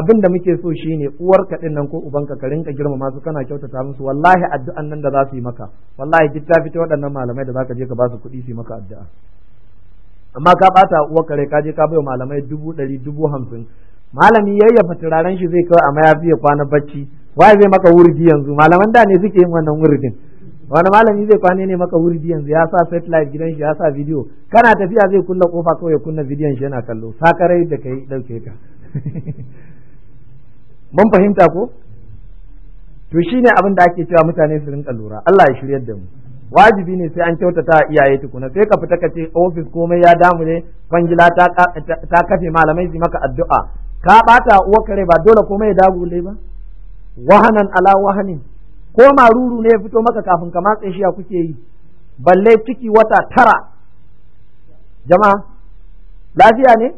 abin da muke so shine uwar ka nan ko ubanka ka rinka girmama su kana kyautata musu wallahi addu'an nan da za su yi maka wallahi duk ta fito waɗannan malamai da zaka je ka ba su kuɗi su yi maka addu'a amma ka bata uwar kare ka je ka bai wa malamai dubu ɗari dubu hamsin malami yayyafa turaren shi zai kawai a mayafi ya kwana bacci waye zai maka wurdi yanzu malaman da ne suke yin wannan wurdin wani malami zai kwane ne maka wurdi yanzu ya sa satellite gidan shi ya sa video kana tafiya zai kulla kofa kawai ya kunna bidiyon shi yana kallo sakarai da kai dauke ka mun fahimta ko to shine abin da ake cewa mutane su rinka lura Allah ya shiryar da mu wajibi ne sai an kyautata iyaye tukuna sai ka fita ka ce ofis komai ya damu ne kwangila ta kafe malamai su maka addu'a ka bata uwar kare ba dole komai ya dagule ba wahanan ala wahanin ko maruru ne ya fito maka kafin ka matse shi kuke yi balle ciki wata tara jama'a lafiya ne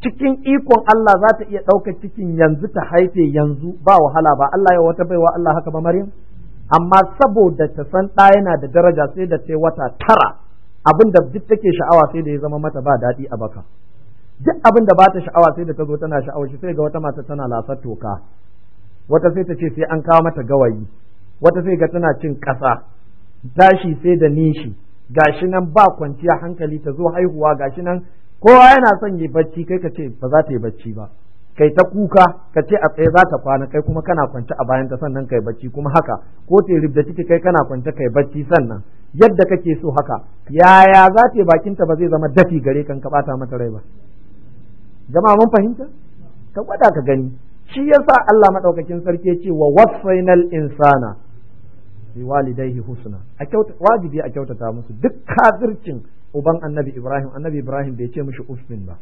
cikin ikon Allah za ta iya ɗaukar cikin yanzu ta haife yanzu ba wahala ba Allah ya wata baiwa Allah haka ba Maryam amma saboda ta san ɗa yana da daraja sai da ta wata tara abin da duk take sha'awa sai da ya zama mata ba daɗi a baka duk abin da ba ta sha'awa sai da ta zo tana sha'awar shi sai ga wata mata tana lasar toka wata sai ta ce sai an kawo mata gawayi wata sai ga tana cin ƙasa tashi sai da nishi gashi nan ba kwanciya hankali ta zo haihuwa gashi nan kowa yana son yi bacci kai ka ce ba za ta yi bacci ba kai ta kuka ka ce a tsaye za ta kwana kai kuma kana kwance a bayan ta sannan kai bacci kuma haka ko ta ribda ciki kai kana kwance kai bacci sannan yadda kake so haka yaya za ta yi bakinta ba zai zama dafi gare kan ka bata mata rai ba Zama mun fahimta ka gwada ka gani shi yasa Allah madaukakin sarki ya ce wa wasainal insana bi walidayhi husna a kyauta wajibi a kyautata musu duk kafircin uban annabi Ibrahim annabi Ibrahim bai ce mishi usmin ba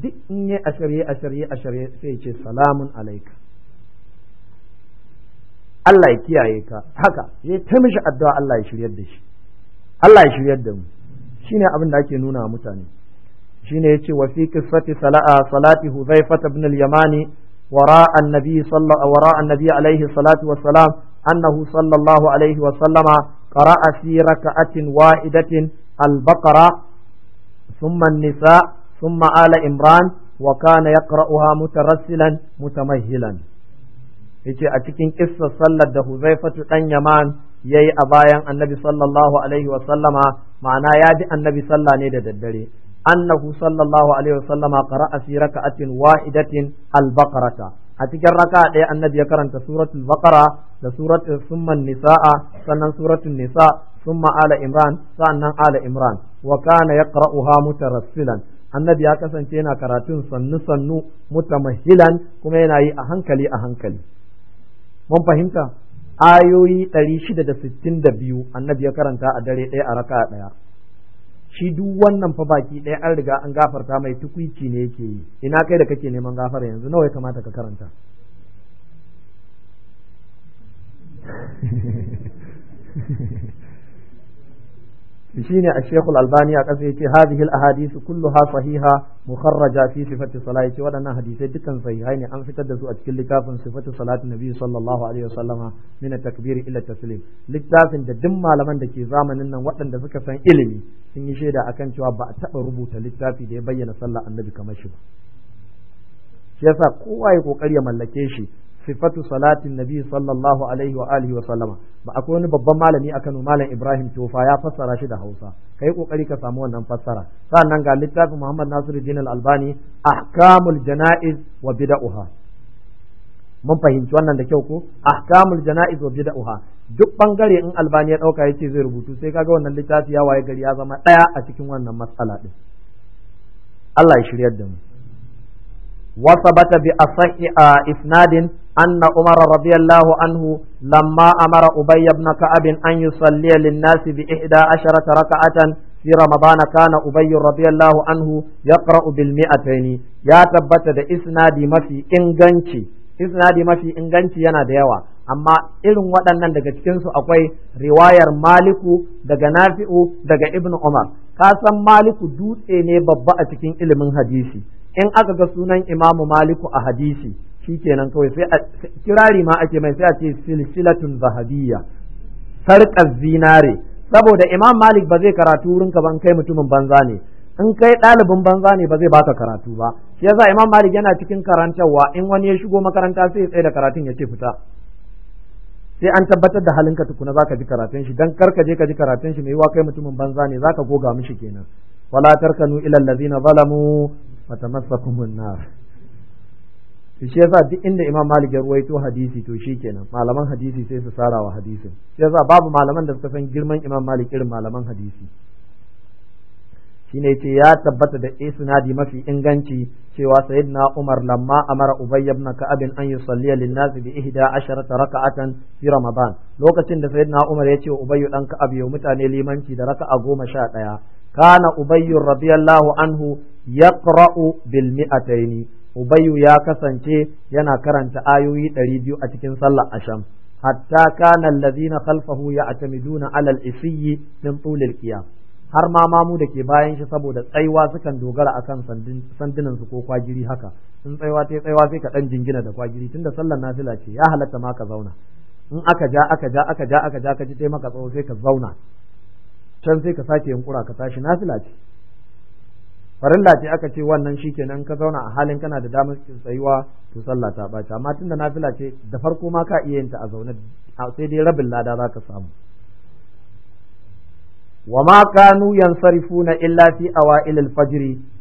duk in yi ashirye ashirye ashirye sai ce salamun alaika Allah ya kiyaye ka haka ya ta mishi addu'a Allah ya shiryar da shi Allah ya shiryar da mu shine abin da ake nuna mutane shine yace wa fi qissati sala'a ah, salati hudhaifah ibn al-yamani وراء النبي صلى وراء النبي wa الصلاة والسلام أنه صلى الله عليه وسلم قرأ في ركعة واحدة البقرة ثم النساء ثم آل إمران وكان يقرأها مترسلا متمهلا yace a cikin kissar sallar da Huzaifatu dan Yaman yayi a bayan Annabi sallallahu alaihi wa sallama ma'ana ya bi Annabi sallah ne da daddare annahu sallallahu alaihi wasallama qara'a fi raka'atin wahidatin al-baqarata a cikin raka ɗaya annabi ya karanta suratul bakara da suratul summa nisaa sannan suratun nisa suma ala imran sannan ala imran wa kana yaqra'uha mutarassilan annabi ya kasance yana karatun sannu sannu mutamahhilan kuma yana yi a hankali a hankali mun fahimta ayoyi biyu annabi ya karanta a dare ɗaya a raka ɗaya shi duk wannan fa baki ɗaya an riga an gafarta mai tukwici ne yake yi ina kai da kake neman gafara yanzu nawa ya kamata ka karanta shine a Sheikhul Albani a kasa ce hadhihi al kullu kulluha sahiha mukharraja fi sifati salat yace waɗannan hadisai dukkan sahihai ne an fitar da su a cikin littafin sifati salati nabi sallallahu alaihi wasallama min at-takbir ila taslim littafin da duk malaman da ke zamanin nan waɗanda suka san ilimi sun yi shaida akan cewa ba a taɓa rubuta littafi da ya bayyana sallar annabi kamar shi ba shi yasa kowa ya kokari ya mallake shi sifatu salatin nabi sallallahu alaihi wa alihi wa sallama ba akwai wani babban malami a Kano malam Ibrahim Tofa ya fassara shi da Hausa kai kokari ka samu wannan fassara sannan ga littafin Muhammad Nasiruddin Al-Albani Ahkamul Janaiz wa Bid'ah mun fahimci wannan da kyau ko Ahkamul Janaiz wa Bid'ah duk bangare in Albani ya dauka yace zai rubutu sai kaga wannan littafi ya waye gari ya zama daya a cikin wannan matsala din Allah ya shiryar da mu Wasu ba ta bi a saki a isanadin Annah Umar da rabiyallahu anhu. Lamma a mara uba ya na ka abin anyusan liya Linna su biya. Idan ashirin ta raka a can, sirrin ba na ya kira Ubilmi a Taini. da mafi inganci yana da yawa. Amma irin waɗannan daga cikinsu akwai riwayar maliku daga nafi'u daga Ibn Umar. kasan maliku dutse ne babba a cikin ilimin hadisi. in aka ga sunan imamu maliku a hadisi shi kenan kawai sai kirari ma ake mai sai a ce silsilatun zahabiyya sarƙar zinare saboda imam malik ba zai karatu wurin ka ban kai mutumin banza ne in kai ɗalibin banza ne ba zai baka karatu ba shi yasa imam malik yana cikin karantarwa in wani ya shigo makaranta sai ya tsaye da karatun ya ce fita sai an tabbatar da halinka tukuna zaka ji karatun shi dan kar ka je ka ji karatun shi mai yiwa kai mutumin banza ne zaka goga mishi kenan wala tarkanu ila allazina zalamu fatamassakum an-nar shi yasa duk inda Imam Malik ya ruwaito hadisi to shi kenan malaman hadisi sai su sarawa hadisin shi yasa babu malaman da suka san girman Imam Malik irin malaman hadisi Shi ne yace ya tabbata da isnadi mafi inganci cewa sayyidina Umar lamma amara Ubay ibn Ka'ab an yusalli lin-nas bi 11 raka'atan fi Ramadan lokacin da sayyidina Umar ya ce Ubay dan Ka'ab yau mutane limanci da raka'a 11 kana ubayyur radiyallahu anhu yaqra'u bil mi'ataini ubayyu ya kasance yana karanta ayoyi 200 a cikin sallar asham hatta kana alladhina khalfahu ya'tamiduna 'ala al-isyi min tul al-qiyam har ma mamu da ke bayan shi saboda tsaiwa sukan dogara akan kan su ko kwagiri haka in tsaiwa sai tsaiwa sai ka dan jingina da kwagiri tunda sallar nafila ce ya halatta ma ka zauna in aka ja aka ja aka ja aka ja ka ji taimaka maka tsawo sai ka zauna can sai ka sake yunkura ka tashi nafila ce farin ce aka ce wannan shikenan ka zauna a halin kana da damar tsayuwa to sallah ta bace amma tunda nafila ce da farko ma ka iya yinta a zaune sai dai rabin lada za ka samu wa ma kanu yansarifuna illa fi awail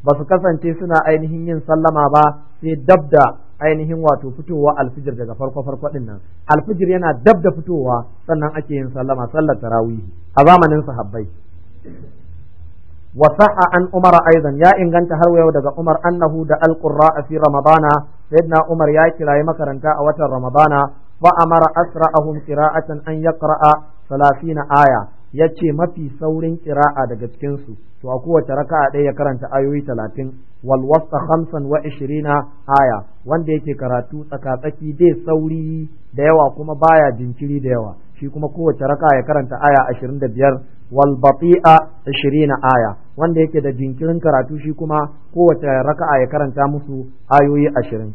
ba su kasance suna ainihin yin sallama ba sai dabda ainihin wato fitowa alfijir daga farko farko din nan alfijir yana dab da fitowa sannan ake yin sallama sallar tarawihi a zamanin sahabbai wa sa'a an umar aidan ya inganta har yau daga umar annahu da alqurra fi ramadana sayyidina umar ya kirayi makaranta a watan ramadana fa amara asra'ahum qira'atan an yaqra'a 30 aya yace mafi saurin qira'a daga cikin su to a kowace raka'a ɗaya ya karanta ayoyi 30 wal wasta 25 aya wanda yake karatu tsakatsaki dai sauri da yawa kuma baya jinkiri da yawa shi kuma kowace raka ya karanta aya ashirin da biyar wal bati'a na aya wanda yake da jinkirin karatu shi kuma kowace raka'a ya karanta musu ayoyi ashirin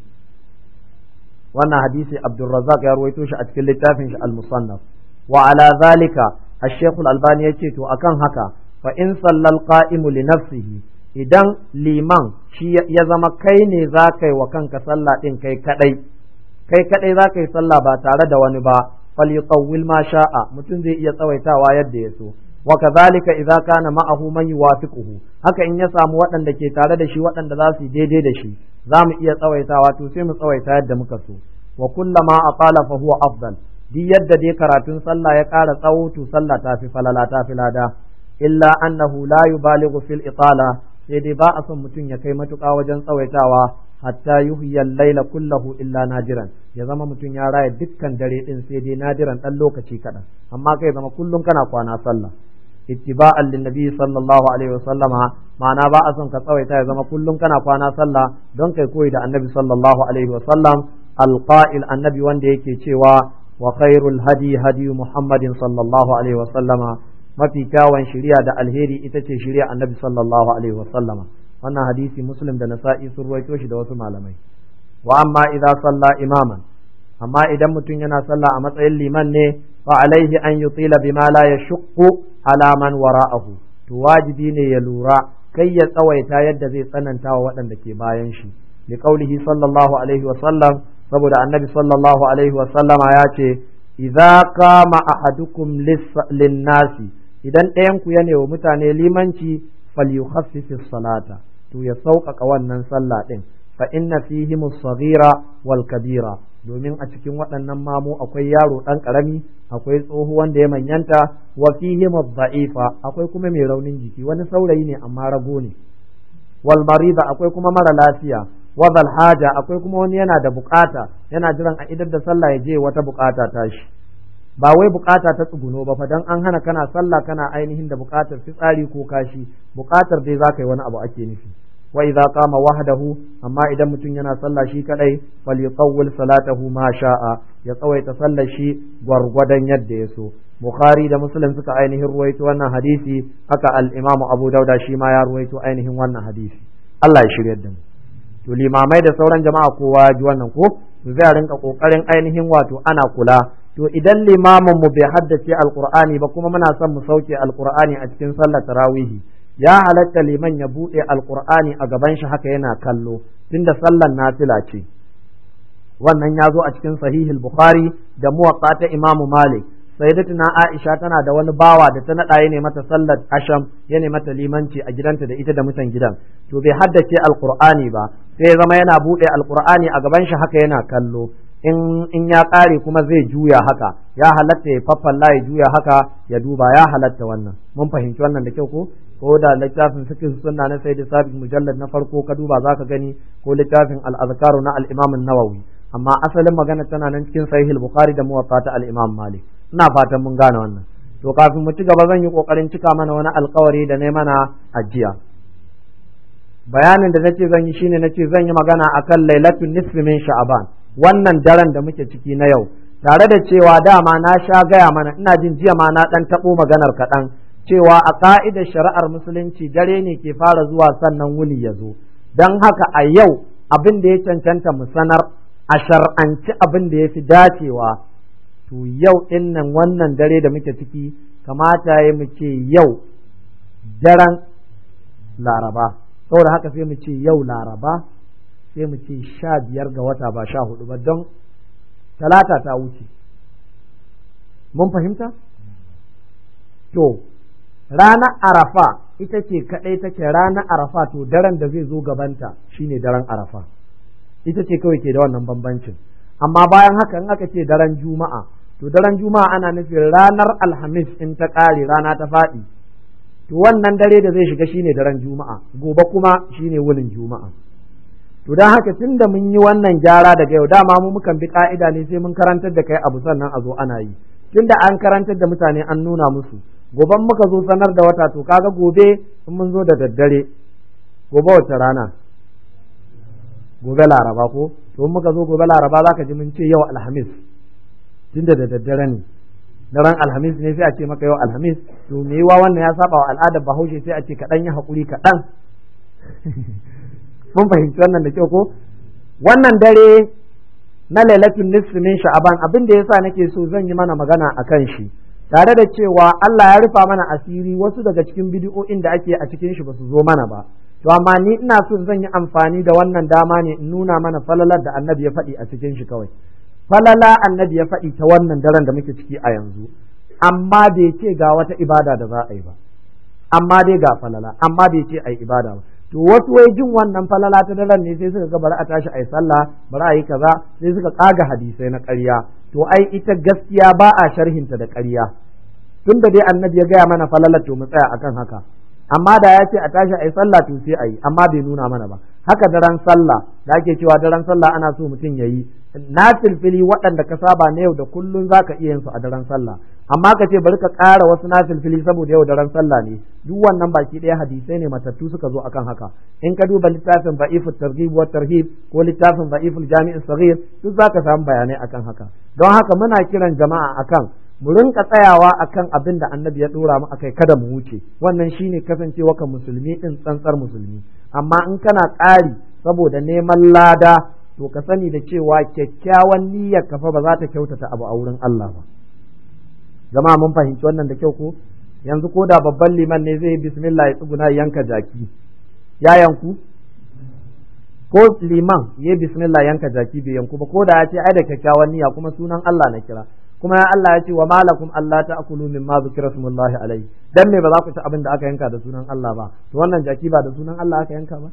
wannan hadisi Abdulrazzaq ya ruwaito shi a cikin littafin shi al-Musannaf wa ala zalika al-Sheikh al-Albani yace to akan haka fa in sallal qa'imu li nafsihi idan liman shi ya zama kai ne za kai wa kanka sallah din kai kadai kai kadai za kai yi sallah ba tare da wani ba fal yutawwil ma sha'a mutum zai iya tsawaitawa yadda ya so wa kadhalika idza kana ma'ahu man yuwafiquhu haka in ya samu waɗanda ke tare da shi waɗanda za su daidai da shi za mu iya tsawaitawa to sai mu tsawaita yadda muka so wa kullama a fa huwa afdal duk yadda dai karatun sallah ya ƙara tsawo to sallah ta fi falala ta fi lada illa annahu la yubalighu fil itala sai dai ba a son mutum ya kai matuƙa wajen tsawaitawa hatta yuhya laila kullahu illa nadiran ya zama mutum ya raya dukkan dare din sai dai nadiran dan lokaci kaɗan amma kai zama kullum kana kwana sallah ittiba'an linnabi sallallahu alaihi wasallama ma'ana ba a son ka tsawaita ya zama kullum kana kwana sallah don kai koyi da annabi sallallahu alaihi wasallam alqa'il annabi wanda yake cewa wa khairul hadi hadi muhammadin sallallahu alaihi wasallama mafi kyawun shari'a da alheri ita ce shari'a annabi sallallahu alaihi wasallama wannan hadisi muslim da nasa'i sun ruwaito shi da wasu malamai wa amma idza salla imaman amma idan mutum yana sallah a matsayin liman ne fa alaihi an yutila bima la yashqu alaman wara'ahu to wajibi ne ya lura kai ya tsawaita yadda zai tsananta wa waɗanda ke bayan shi li qaulihi sallallahu alaihi wa sallam saboda annabi sallallahu alaihi wa sallama ya ce idza qama ahadukum lin idan ɗayan ku ya wa mutane limanci falyukhaffif salata to ya sauƙaƙa wannan sallah din fa inna fihi as wal kabira domin a cikin waɗannan mamu akwai yaro ɗan ƙarami akwai tsoho da ya manyanta wa fihi dha'ifa akwai kuma mai raunin jiki wani saurayi ne amma rago ne wal marida akwai kuma mara lafiya wa haja akwai kuma wani yana da bukata yana jiran a idar da sallah ya je wata bukata ta shi ba wai bukata ta tsuguno ba fa dan an hana kana sallah kana ainihin da bukatar fitsari ko kashi bukatar dai zaka yi wani abu ake nufi wa idza qama wahdahu amma idan mutum yana sallah shi kadai fal yutawwil salatahu ma sha'a ya tsawaita sallar shi gwargwadon yadda ya so bukhari da muslim suka ainihin ruwaito wannan hadisi haka al-imam abu dauda shi ma ya ruwaito ainihin wannan hadisi Allah ya shiryar da mu to limamai da sauran jama'a kowa ya ji wannan ko zai rinka kokarin ainihin wato ana kula to idan limamin mu bai haddace al'kur'ani ba kuma muna son mu sauke al'kur'ani a cikin sallar tarawihi ya halatta liman ya buɗe alkur'ani a gaban shi haka yana kallo tunda sallan nafila ce wannan ya zo a cikin sahihul bukhari da muwatta ta imamu malik sayyidatuna aisha tana da wani bawa da ta nada ya ne mata sallar asham ya ne mata limanci a gidanta da ita da mutan gidan to bai haddace alqur'ani ba sai ya zama yana buɗe alqur'ani a gaban shi haka yana kallo in ya ƙare kuma zai juya haka ya halatta ya faffalla ya juya haka ya duba ya halatta wannan mun fahimci wannan da kyau ko ko da littafin sukin sunna na sayyid sabiq mujallad na farko ka duba zaka gani ko littafin al na al-imam nawawi amma asalin magana tana nan cikin sahih al-bukhari da muwatta ta al-imam malik ina fatan mun gane wannan to kafin mu ci gaba zan yi kokarin cika mana wani alkawari da na mana ajiya bayanin da nace zan yi shine nace zan yi magana akan lailatul nisfi min sha'ban wannan daren da muke ciki na yau tare da cewa dama na sha gaya mana ina jin jiya ma na ɗan taɓo maganar kaɗan cewa a ƙa'idar shari'ar musulunci dare ne ke fara zuwa sannan wuni ya zo don haka a yau abin da ya cancanta mu sanar a shar'anci abin da ya fi dacewa to yau ɗin nan wannan dare da muke ciki kamata ya mu ce yau daren laraba saboda haka sai mu ce yau laraba sai mu ce sha biyar ga wata ba sha hudu ba don talata ta wuce mun fahimta to rana arafa ita ce kaɗai take rana arafa to daren da zai zo gabanta shine daren arafa ita ce kawai ke da wannan bambancin amma bayan haka in aka ce daren juma'a to daren juma'a ana nufin ranar alhamis in ta kare rana ta faɗi to wannan dare da zai shiga shine daren juma'a gobe kuma shine wulin juma'a to dan haka tunda mun yi wannan gyara daga yau dama mu mukan bi ka'ida ne sai mun karantar da kai abu sannan a zo ana yi tunda an karantar da mutane an nuna musu goban muka zo sanar da wata to kaga gobe in mun zo da daddare gobe wata rana gobe laraba ko to muka zo gobe laraba za ka ji mun ce yau alhamis tunda da daddare ne daren alhamis ne sai a ce maka yau alhamis to me wa wannan ya saba wa al'adar bahaushe sai a ce kaɗan yi haƙuri kaɗan mun fahimci wannan da kyau ko wannan dare na lailatul nisfi min sha'aban abin da yasa nake so zan yi mana magana akan shi tare da cewa Allah ya rufa mana asiri wasu daga cikin bidi'o'in da ake a cikin shi ba su zo mana ba to amma ni ina so zan yi amfani da wannan dama ne in nuna mana falalar da annabi ya faɗi a cikin shi kawai falala annabi ya faɗi ta wannan daren da muke ciki a yanzu amma bai ce ga wata ibada da za a yi ba amma dai ga falala amma bai ce a ibada ba to wasu wai jin wannan falala ta daren ne sai suka ga bari a tashi yi sallah bari a yi kaza sai suka kaga hadisai na ƙarya to ai ita gaskiya ba a sharhinta da ƙarya tun da dai annabi ya gaya mana falala to mu tsaya akan haka amma da ya ce a tashi a yi sallah to sai a yi amma bai nuna mana ba haka daren sallah da ake cewa daren sallah ana so mutum ya yi na filfili waɗanda ka saba na yau da kullun zaka iya yin su a daren sallah amma ka ce bari ka ƙara wasu na filfili saboda yau daren sallah ne duk wannan baki ɗaya hadisai ne matattu suka zo akan haka in ka duba littafin ba'ifu targhib wa tarhib ko littafin ba'ifu jami'in saghir duk zaka samu bayanai akan haka don haka muna kiran jama'a akan mu rinka tsayawa akan abin da annabi ya dora mu akai kada mu wuce wannan shine kasancewa ka musulmi din tsantsar musulmi amma in kana tsari saboda neman lada to ka sani da cewa kyakkyawan niyyar kafa ba za ta kyautata abu a wurin Allah ba Zama mun fahimci wannan da kyau ko yanzu ko da babban liman ne zai bismillah ya tsuguna yanka jaki ya yanku ko liman ya bismillah yanka jaki bai yanku ba ko da ya ce ai da kyakkyawan niyya kuma sunan Allah na kira kuma ya Allah ya ce wa malakum Allah ta'kulu mimma zikra smullahi alaihi dan me ba za ku ci abin da aka yanka da sunan Allah ba to wannan jaki ba da sunan Allah aka yanka ba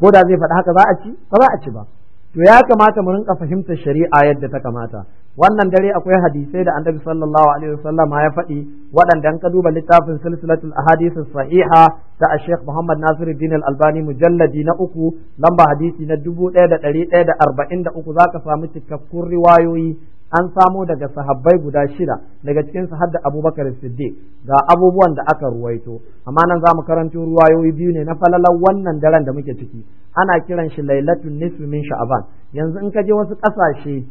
ko da zai faɗi haka za a ci ba za a ci ba to ya kamata mu rinka fahimtar shari'a yadda ta kamata wannan dare akwai hadisai da annabi sallallahu alaihi wasallam ya faɗi waɗanda an ka duba littafin silsilatul ahadith sahiha ta Sheikh Muhammad Nasiru. Al-Albani mujalladi na uku lamba hadisi na 1143 zaka samu cikakkun riwayoyi an samo daga sahabbai guda shida daga cikin su hadda Abubakar Siddiq ga abubuwan da aka ruwaito amma nan za mu karanto ruwayoyi biyu ne na falalar wannan daren da muke ciki ana kiran shi lailatul nisfi min sha'ban yanzu in ka je wasu ƙasashe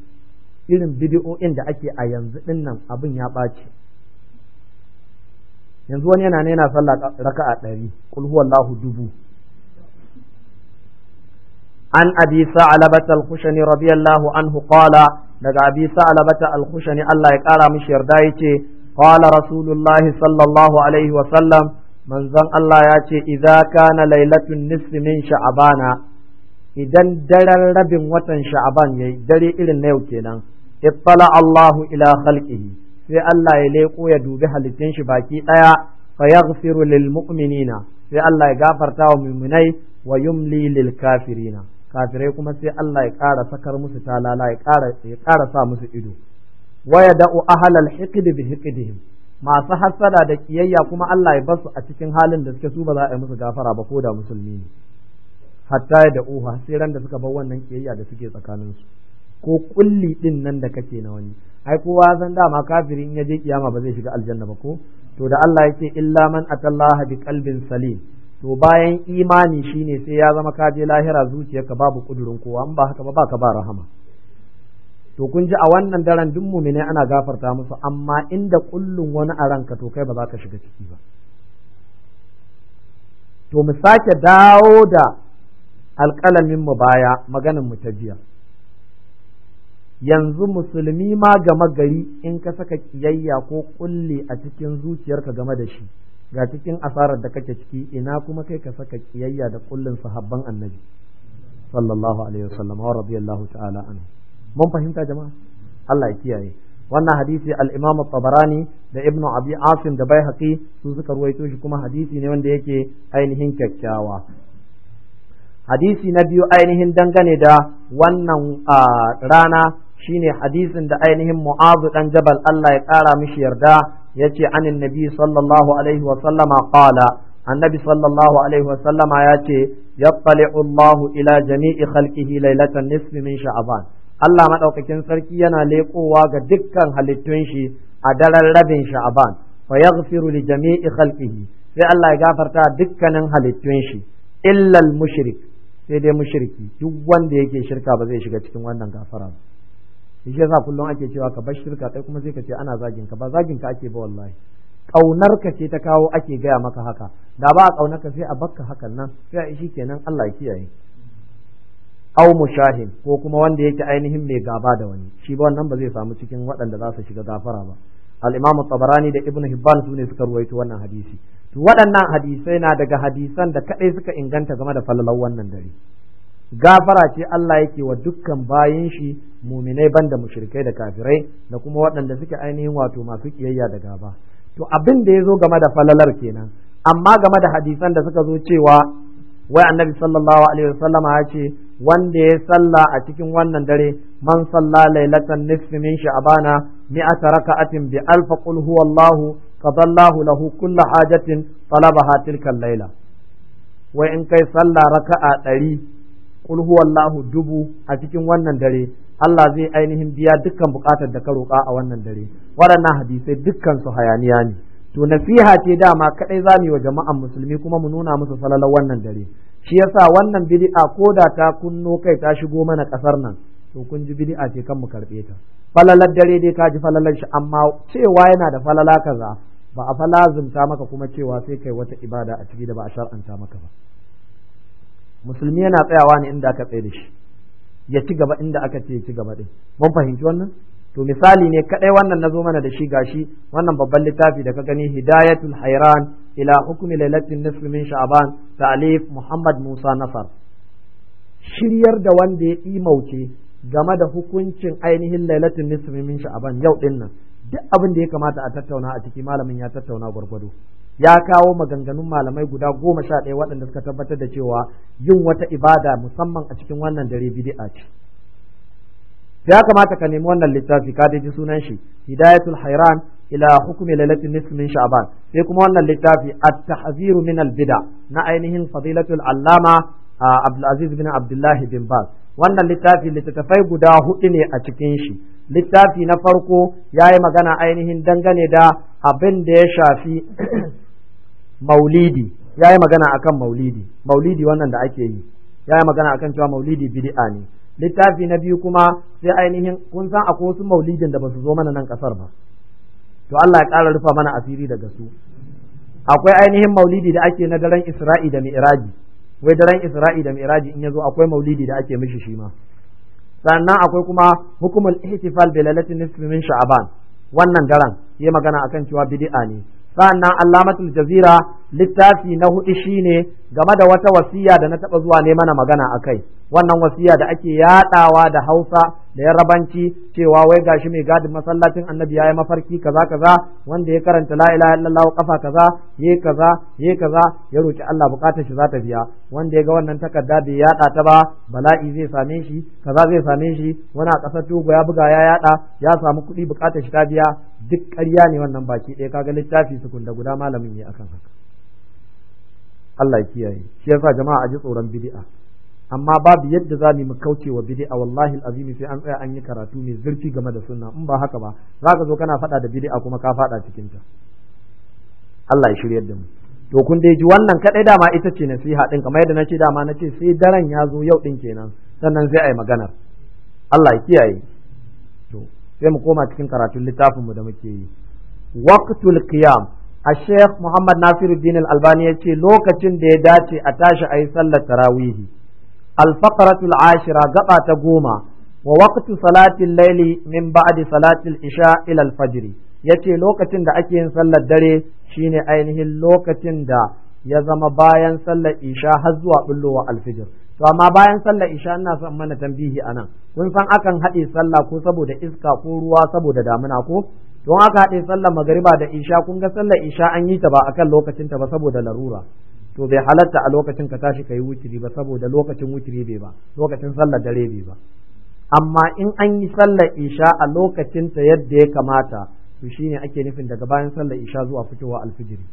irin bidi'o'in da ake a yanzu ɗin nan abin ya ɓace yanzu wani yana nena sallah raka'a ɗari kul huwallahu dubu an abi sa'alabata al-khushani radiyallahu anhu qala daga abi sa'alabata al-khushani Allah ya ƙara mishi yarda yace qala rasulullahi sallallahu alaihi wa sallam manzon Allah ya ce idza kana lailatul nisfi min sha'abana idan daren rabin watan sha'aban yayi dare irin na yau kenan ittala Allahu ila khalqihi sai Allah ya leko ya dubi halittun shi baki ɗaya fa yaghfiru lil mu'minina sai Allah ya gafarta wa mu'minai wa yumli lil kafirina kafirai kuma sai Allah ya ƙara sakar musu talala ya ƙara ya ƙara sa musu ido wa da'u ahlal hiqd bi hiqdihim masu hasada da kiyayya kuma Allah ya basu a cikin halin da suke su ba za a yi musu gafara ba ko da musulmi ne hatta da uha sai ran da suka bar wannan kiyayya da suke su ko kulli din nan da kake na wani ai kowa san dama kafirin ya je kiyama ba zai shiga aljanna ba ko to da Allah yake illa man atallaha bi qalbin salim to bayan imani shine sai ya zama ka je lahira zuciyarka babu kudurin kowa in ba haka ba baka ba rahama to kun ji a wannan daren duk mumine ana gafarta musu amma inda kullun wani a ranka to kai ba za ka shiga ciki ba to mu sake dawo da alƙalamin mu baya maganin mu ta jiya yanzu musulmi ma gama gari in ka saka kiyayya ko kulle a cikin zuciyarka game da shi ga cikin asarar da kake ciki ina kuma kai ka saka kiyayya da kullin sahabban annabi sallallahu alaihi wasallam wa radiyallahu ta'ala anhu mun fahimta jama'a Allah ya kiyaye wannan hadisi al-Imam tabarani da Ibn Abi Asim da Baihaqi su suka ruwaito shi kuma hadisi ne wanda yake ainihin kyakkyawa hadisi na biyu ainihin dangane da wannan rana shine hadisin da ainihin mu'azu dan jabal Allah ya kara mishi yarda yace anin nabi sallallahu alaihi wa sallama qala annabi sallallahu alaihi wa sallama yace yattali'u Allah ila jami'i khalqihi lailatan nisfi min sha'ban Allah madaukakin sarki yana leƙowa ga dukkan halittun shi a daren rabin sha'ban fa yaghfiru li jami'i khalqihi sai Allah ya gafarta dukkanin halittun shi illal mushrik sai dai mushriki duk wanda yake shirka ba zai shiga cikin wannan gafara ba shi yasa kullum ake cewa ka bar shirka kai kuma sai ka ce ana zagin ka ba zagin ka ake ba wallahi kaunar ka ce ta kawo ake gaya maka haka da ba a kaunar ka sai a bakka hakan nan sai a ishi kenan Allah ya kiyaye au mushahin ko kuma wanda yake ainihin mai gaba da wani shi ba wannan ba zai samu cikin waɗanda za su shiga gafara ba al-imam tabarani da ibnu hibban su ne suka ruwaito wannan hadisi waɗannan hadisai na daga hadisan da kaɗai suka inganta game da falalar wannan dare gafara ce Allah yake wa dukkan bayin shi muminai ban banda mushrikai da kafirai da kuma waɗanda suke ainihin wato masu kiyayya da gaba to abin da ya zo game da falalar kenan amma game da hadisan da suka zo cewa wai annabi sallallahu alaihi wasallama ya ce wanda ya salla a cikin wannan dare man salla lailatan nisfi min sha'bana mi'a raka'atin bi alfa qul huwallahu qadallahu lahu kullu hajatin talabaha tilka laila wai in kai sallah raka'a ɗari qul huwallahu dubu a cikin wannan dare Allah zai ainihin biya dukkan bukatar da ka roƙa a wannan dare waɗannan hadisai dukkan hayaniya ne to nasiha ce dama kaɗai za mu yi wa jama'an musulmi kuma mu nuna musu salalar wannan dare shi yasa wannan bid'a ko da ta kunno kai ta shigo mana kasar nan to kun ji bid'a ce kan mu karɓe ta falalar dare dai ka ji falalar shi amma cewa yana da falala kaza ba a fa lazimta maka kuma cewa sai kai wata ibada a ciki da ba a shar'anta maka ba musulmi yana tsayawa ne inda aka tsaye da shi ya ci gaba inda aka ce ya ci gaba din mun fahimci wannan to misali ne kadai wannan nazo mana da shi gashi wannan babban littafi da ka gani hidayatul hayran ila hukmi lailatin nisfi min sha'ban ta'lif muhammad musa nasar shiryar da wanda ya imauce game da hukuncin ainihin lailatin nisfi min sha'ban yau din duk abin da ya kamata a tattauna a ciki malamin ya tattauna gwargwado ya kawo maganganun malamai guda goma sha ɗaya waɗanda suka tabbatar da cewa yin wata ibada musamman a cikin wannan dare bid'a ce ya kamata ka nemi wannan littafi ka daji sunan shi hidayatul hairan ila hukmi lalatin nisf min sha'ban sai kuma wannan littafi at-tahzir min al-bid'a na ainihin fadilatul allama ah, abdul aziz bin abdullahi bin baz wannan littafi littattafai guda hudu ne a cikin shi littafi na farko ya yi magana ainihin dangane da abin da ya shafi maulidi ya yi magana akan maulidi maulidi wannan da ake yi ya yi magana akan cewa maulidi bid'a ne littafi na biyu kuma sai ainihin kun san akwai wasu maulidin da ba su zo mana nan kasar ba to Allah ya ƙara rufa mana asiri daga su akwai ainihin maulidi da ake na daren Isra'i da Mi'raji wai daren Isra'i da Mi'raji in yazo akwai maulidi da ake mishi shi ma sannan akwai kuma hukumul ihtifal bi lailatin nisfi min sha'ban wannan garan yi magana akan cewa bid'a ne sannan allamatul jazira littafi na hudu shine game da wata wasiya da na taɓa zuwa ne mana magana a kai wannan wasiya da ake yaɗawa da Hausa da Yarabanci cewa wai gashi mai gadin masallacin Annabi yayi mafarki kaza kaza wanda ya karanta la ilaha illallah kafa kaza ye kaza kaza ya roki Allah bukatar shi za ta biya wanda ya ga wannan takarda bai yada ta ba bala'i zai same shi kaza zai same shi wani a kasar Togo ya buga ya yada ya samu kuɗi bukatar shi ta biya duk ƙarya ne wannan baki ɗaya kaga littafi su da guda malamin ne akan haka Allah ya kiyaye shi yasa jama'a a ji tsoron bid'a amma babu yadda za mu kauce wa bid'a wallahi alazim sai an tsaya an yi karatu mai zurfi game da sunna in ba haka ba zaka zo kana fada da bid'a kuma ka fada cikin ta Allah ya shiryar da mu to kun dai ji wannan kadai dama ita ce nasiha din kamar yadda nace dama nace sai daren ya zo yau din kenan sannan sai ai maganar Allah ya kiyaye to sai mu koma cikin karatun littafin mu da muke yi waqtul qiyam a sheikh muhammad nasiruddin al-albani ya ce lokacin da ya dace a tashi ayi sallar tarawihi al-faqratul ashira gaba ta goma wa waqtu salatil laili min ba'di salatil isha ilal fajiri fajr yace lokacin da ake yin sallar dare shine ainihin lokacin da ya zama bayan sallar isha har zuwa bullowa alfijir to amma bayan sallar isha ina son mana tambihi anan kun san akan haɗe sallah ko saboda iska ko ruwa saboda damina ko don aka haɗe sallar magariba da isha kun ga sallar isha an yi ta ba akan lokacin ta ba saboda larura to bai halatta a lokacin ka tashi ka yi ba saboda lokacin wuturi bai ba lokacin sallar dare bai ba amma in an yi sallar isha a lokacin ta yadda ya kamata to shine ake nufin daga bayan sallar isha zuwa fitowa alfijiri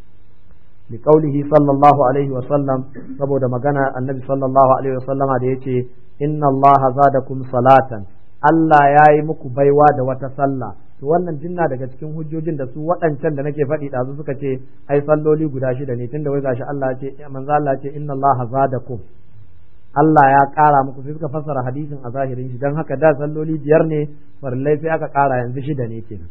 qaulihi sallallahu alaihi wa sallam saboda magana annabi sallallahu alaihi wa sallama da yace inna allaha zadakum salatan Allah ya yi muku baiwa da wata sallah to wannan jinna daga cikin hujjojin da su waɗancan da nake faɗi ɗazu suka ce ai salloli guda shida ne tunda wai gashi Allah ce manzo Allah ce inna Allah zadakum Allah ya ƙara muku sai suka fassara hadisin a zahirin shi dan haka da salloli biyar ne farallai sai aka ƙara yanzu shida ne kenan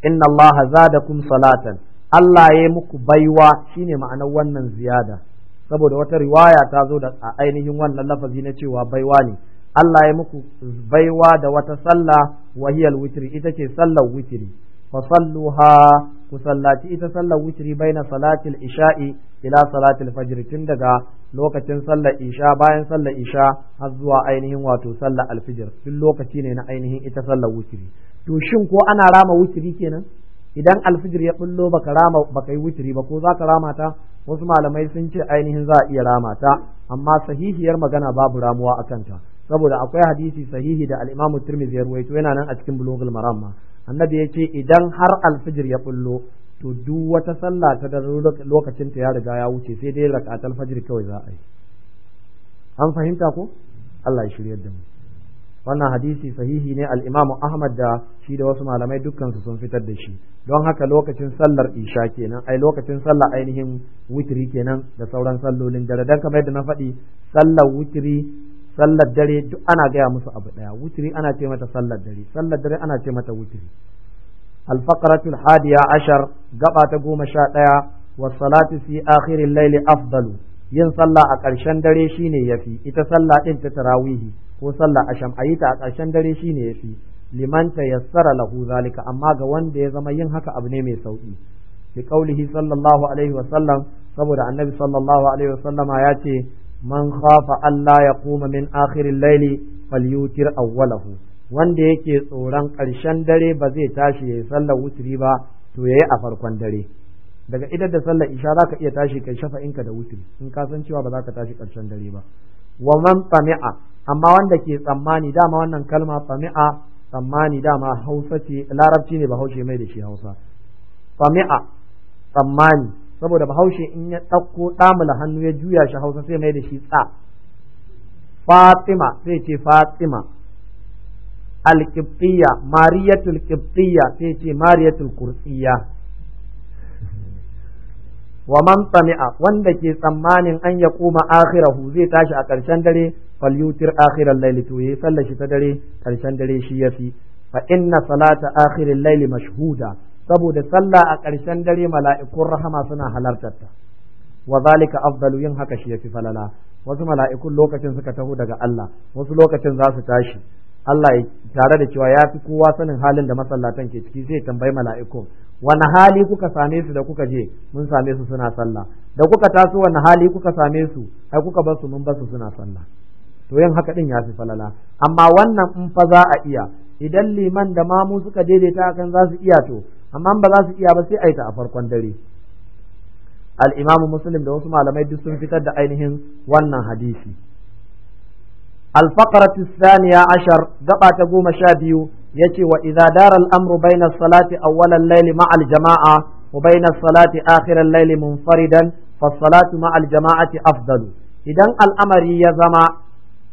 inna Allah zadakum salatan Allah ya muku baiwa shine ma'anar wannan ziyada saboda wata riwaya ta zo da ainihin wannan lafazi na cewa baiwa ne Allah ya muku baiwa da wata sallah wahiyar hiya ita ce sallar witri fa salluha ku sallaci ita sallar witri baina salatil isha'i ila salatil fajr tun daga lokacin sallar isha bayan sallar isha har zuwa ainihin wato sallar alfijir duk lokaci ne na ainihin ita sallar witri to shin ko ana rama witri kenan idan alfijir ya bullo baka rama baka yi witri ba ko zaka rama ta wasu malamai sun ce ainihin za a iya rama ta amma sahihiyar magana babu ramuwa akan ta saboda akwai hadisi sahihi da al'imamu turmizi Tirmidhi ya ruwaito yana nan a cikin Bulughul Maram ma annabi ce idan har alfijir ya bullo to duk wata sallah ta da lokacin ta ya riga ya wuce sai dai rakatul fajr kawai za a yi an fahimta ko Allah ya shiryar da mu wannan hadisi sahihi ne al'imamu Ahmad da shi da wasu malamai dukkan su sun fitar da shi don haka lokacin sallar isha kenan ai lokacin sallar ainihin witri kenan da sauran sallolin dare dan kamar yadda na faɗi sallar witri sallar dare duk ana gaya musu abu daya wutiri ana ce mata sallar dare sallar dare ana ce mata wutiri الفقرة الحادية عشر قبعة قوم شاء والصلاة في آخر الليل afdalu yin sallah a ƙarshen dare shine yafi ita sallah ɗin ta tarawihi ko sallah a sham'ayita a ƙarshen dare shine yafi liman tayassara lahu zalika amma ga wanda ya zama yin haka abu ne mai sauki bi qaulihi sallallahu alaihi wa sallam saboda annabi sallallahu alaihi wa sallama ya ce man khafa Allah ya kuma min akhirin laili falyutir awwalahu wanda yake tsoron ƙarshen dare ba zai tashi yayi sallar wutri ba to yayi a farkon dare daga idan da sallar isha za ka iya tashi kai shafa inka da wutri in ka san cewa ba za ka tashi ƙarshen dare ba wa man tami'a amma wanda ke tsammani dama wannan kalma tami'a tsammani dama hausa ce larabci ne ba haushe mai da shi hausa tami'a tsammani saboda bahaushe in ya ɗauko ɗamula hannu ya juya shi hausa sai mai da shi tsa fatima sai ce fatima alƙibtiyya mariyatul ƙibtiyya sai ce mariyatul kursiyya wa man sami'a wanda ke tsammanin an ya koma akhirahu zai tashi a ƙarshen dare falyutir akhiral laili, to yayi sallar shi ta dare ƙarshen dare shi yafi fa inna salata akhiril laili mashhuda saboda sallah a ƙarshen dare mala'ikun rahama suna halartarta wa zalika afdalu yin haka shi yafi falala wasu mala'ikun lokacin suka taho daga Allah wasu lokacin za su tashi Allah ya tare da cewa ya fi kowa sanin halin da masallatan ke ciki zai tambayi mala'ikun wani hali kuka same su da kuka je mun same su suna sallah da kuka taso wani hali kuka same su ai kuka bar su mun bar su suna sallah to yin haka din ya fi falala amma wannan in fa za a iya idan liman da mamu suka daidaita akan za su iya to amma ba za su iya ba sai ta a farkon dare al-imam muslim da wasu malamai duk sun fitar da ainihin wannan hadisi al-faqratu thaniya ashar gaba ta goma sha biyu ya ce wa idza dara al-amru baina salati awwal al-layli ma jamaa wa baina salati akhir al-layli dan fa salatu ma al-jama'ati afdalu idan al'amari ya zama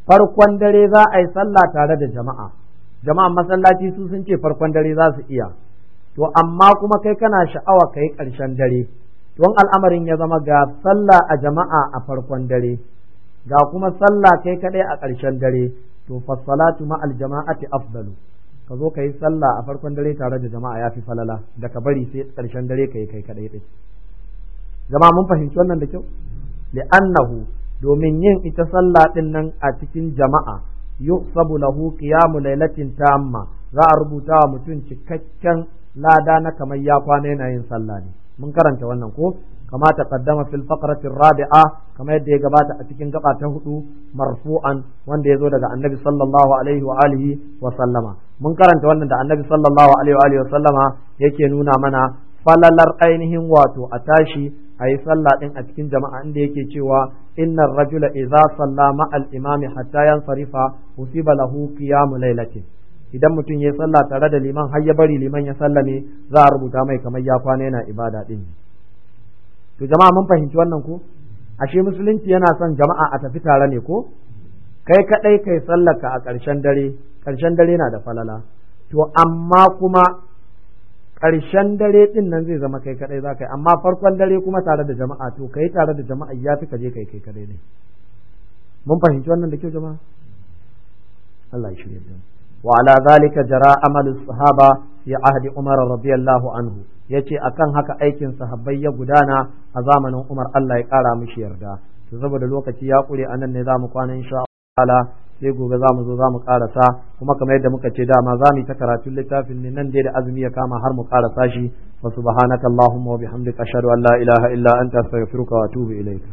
farkon dare za a yi sallah tare da jama'a jama'an masallaci su sun ce farkon dare za su iya to amma kuma kai kana sha'awa kai ƙarshen dare don al'amarin ya zama ga sallah a jama'a a farkon dare ga kuma sallah kai kaɗai a ƙarshen dare to fassalatu ma aljama'ati afdalu ka zo ka yi sallah a farkon dare tare da jama'a ya fi falala da ka bari sai ƙarshen dare ka yi kai kaɗai ɗin jama'a mun fahimci wannan da kyau li'annahu domin yin ita sallah ɗin nan a cikin jama'a yusabu lahu qiyamu lailatin tamma za a rubuta wa mutum cikakken lada na kamar ya kwana yana yin sallah ne mun karanta wannan ko kama kaddama fil faqrati rabi'a kama yadda ya gabata a cikin gaba ta hudu marfu'an wanda ya zo daga annabi sallallahu alaihi wa alihi wa sallama mun karanta wannan da annabi sallallahu alaihi wa alihi wa sallama yake nuna mana falalar ainihin wato a tashi a yi sallah din a cikin jama'a inda yake cewa innar rajula idza salla ma'al imami hatta yansarifa usiba lahu mu lailatin idan mutum ya sallah tare da liman har ya bari liman ya ne, za a rubuta mai kamar ya kwana yana ibada din to jama'a mun fahimci wannan ko ashe musulunci yana son jama'a a tafi tare ne ko kai kadai kai sallaka a ƙarshen dare ƙarshen dare na da falala to amma kuma ƙarshen dare din nan zai zama kai kadai za ka yi amma farkon dare kuma tare da jama'a to kai tare da jama'a ya fi ka je kai kai kadai ne mun fahimci wannan da kyau jama'a Allah ya shirya da mu وعلى ذلك جرى عمل الصحابة في عهد عمر رضي anhu عنه yace akan haka aikin sahabbai ya gudana a zamanin Umar Allah ya kara mishi yarda to saboda lokaci ya kure anan ne zamu kwana insha Allah sai gobe zamu zo zamu karasa kuma kamar yadda muka ce dama zamu ta karatun littafin ne nan dai da azumi ya kama har mu karasa shi wa subhanakallahumma wa bihamdika ashhadu an la ilaha illa anta astaghfiruka wa atubu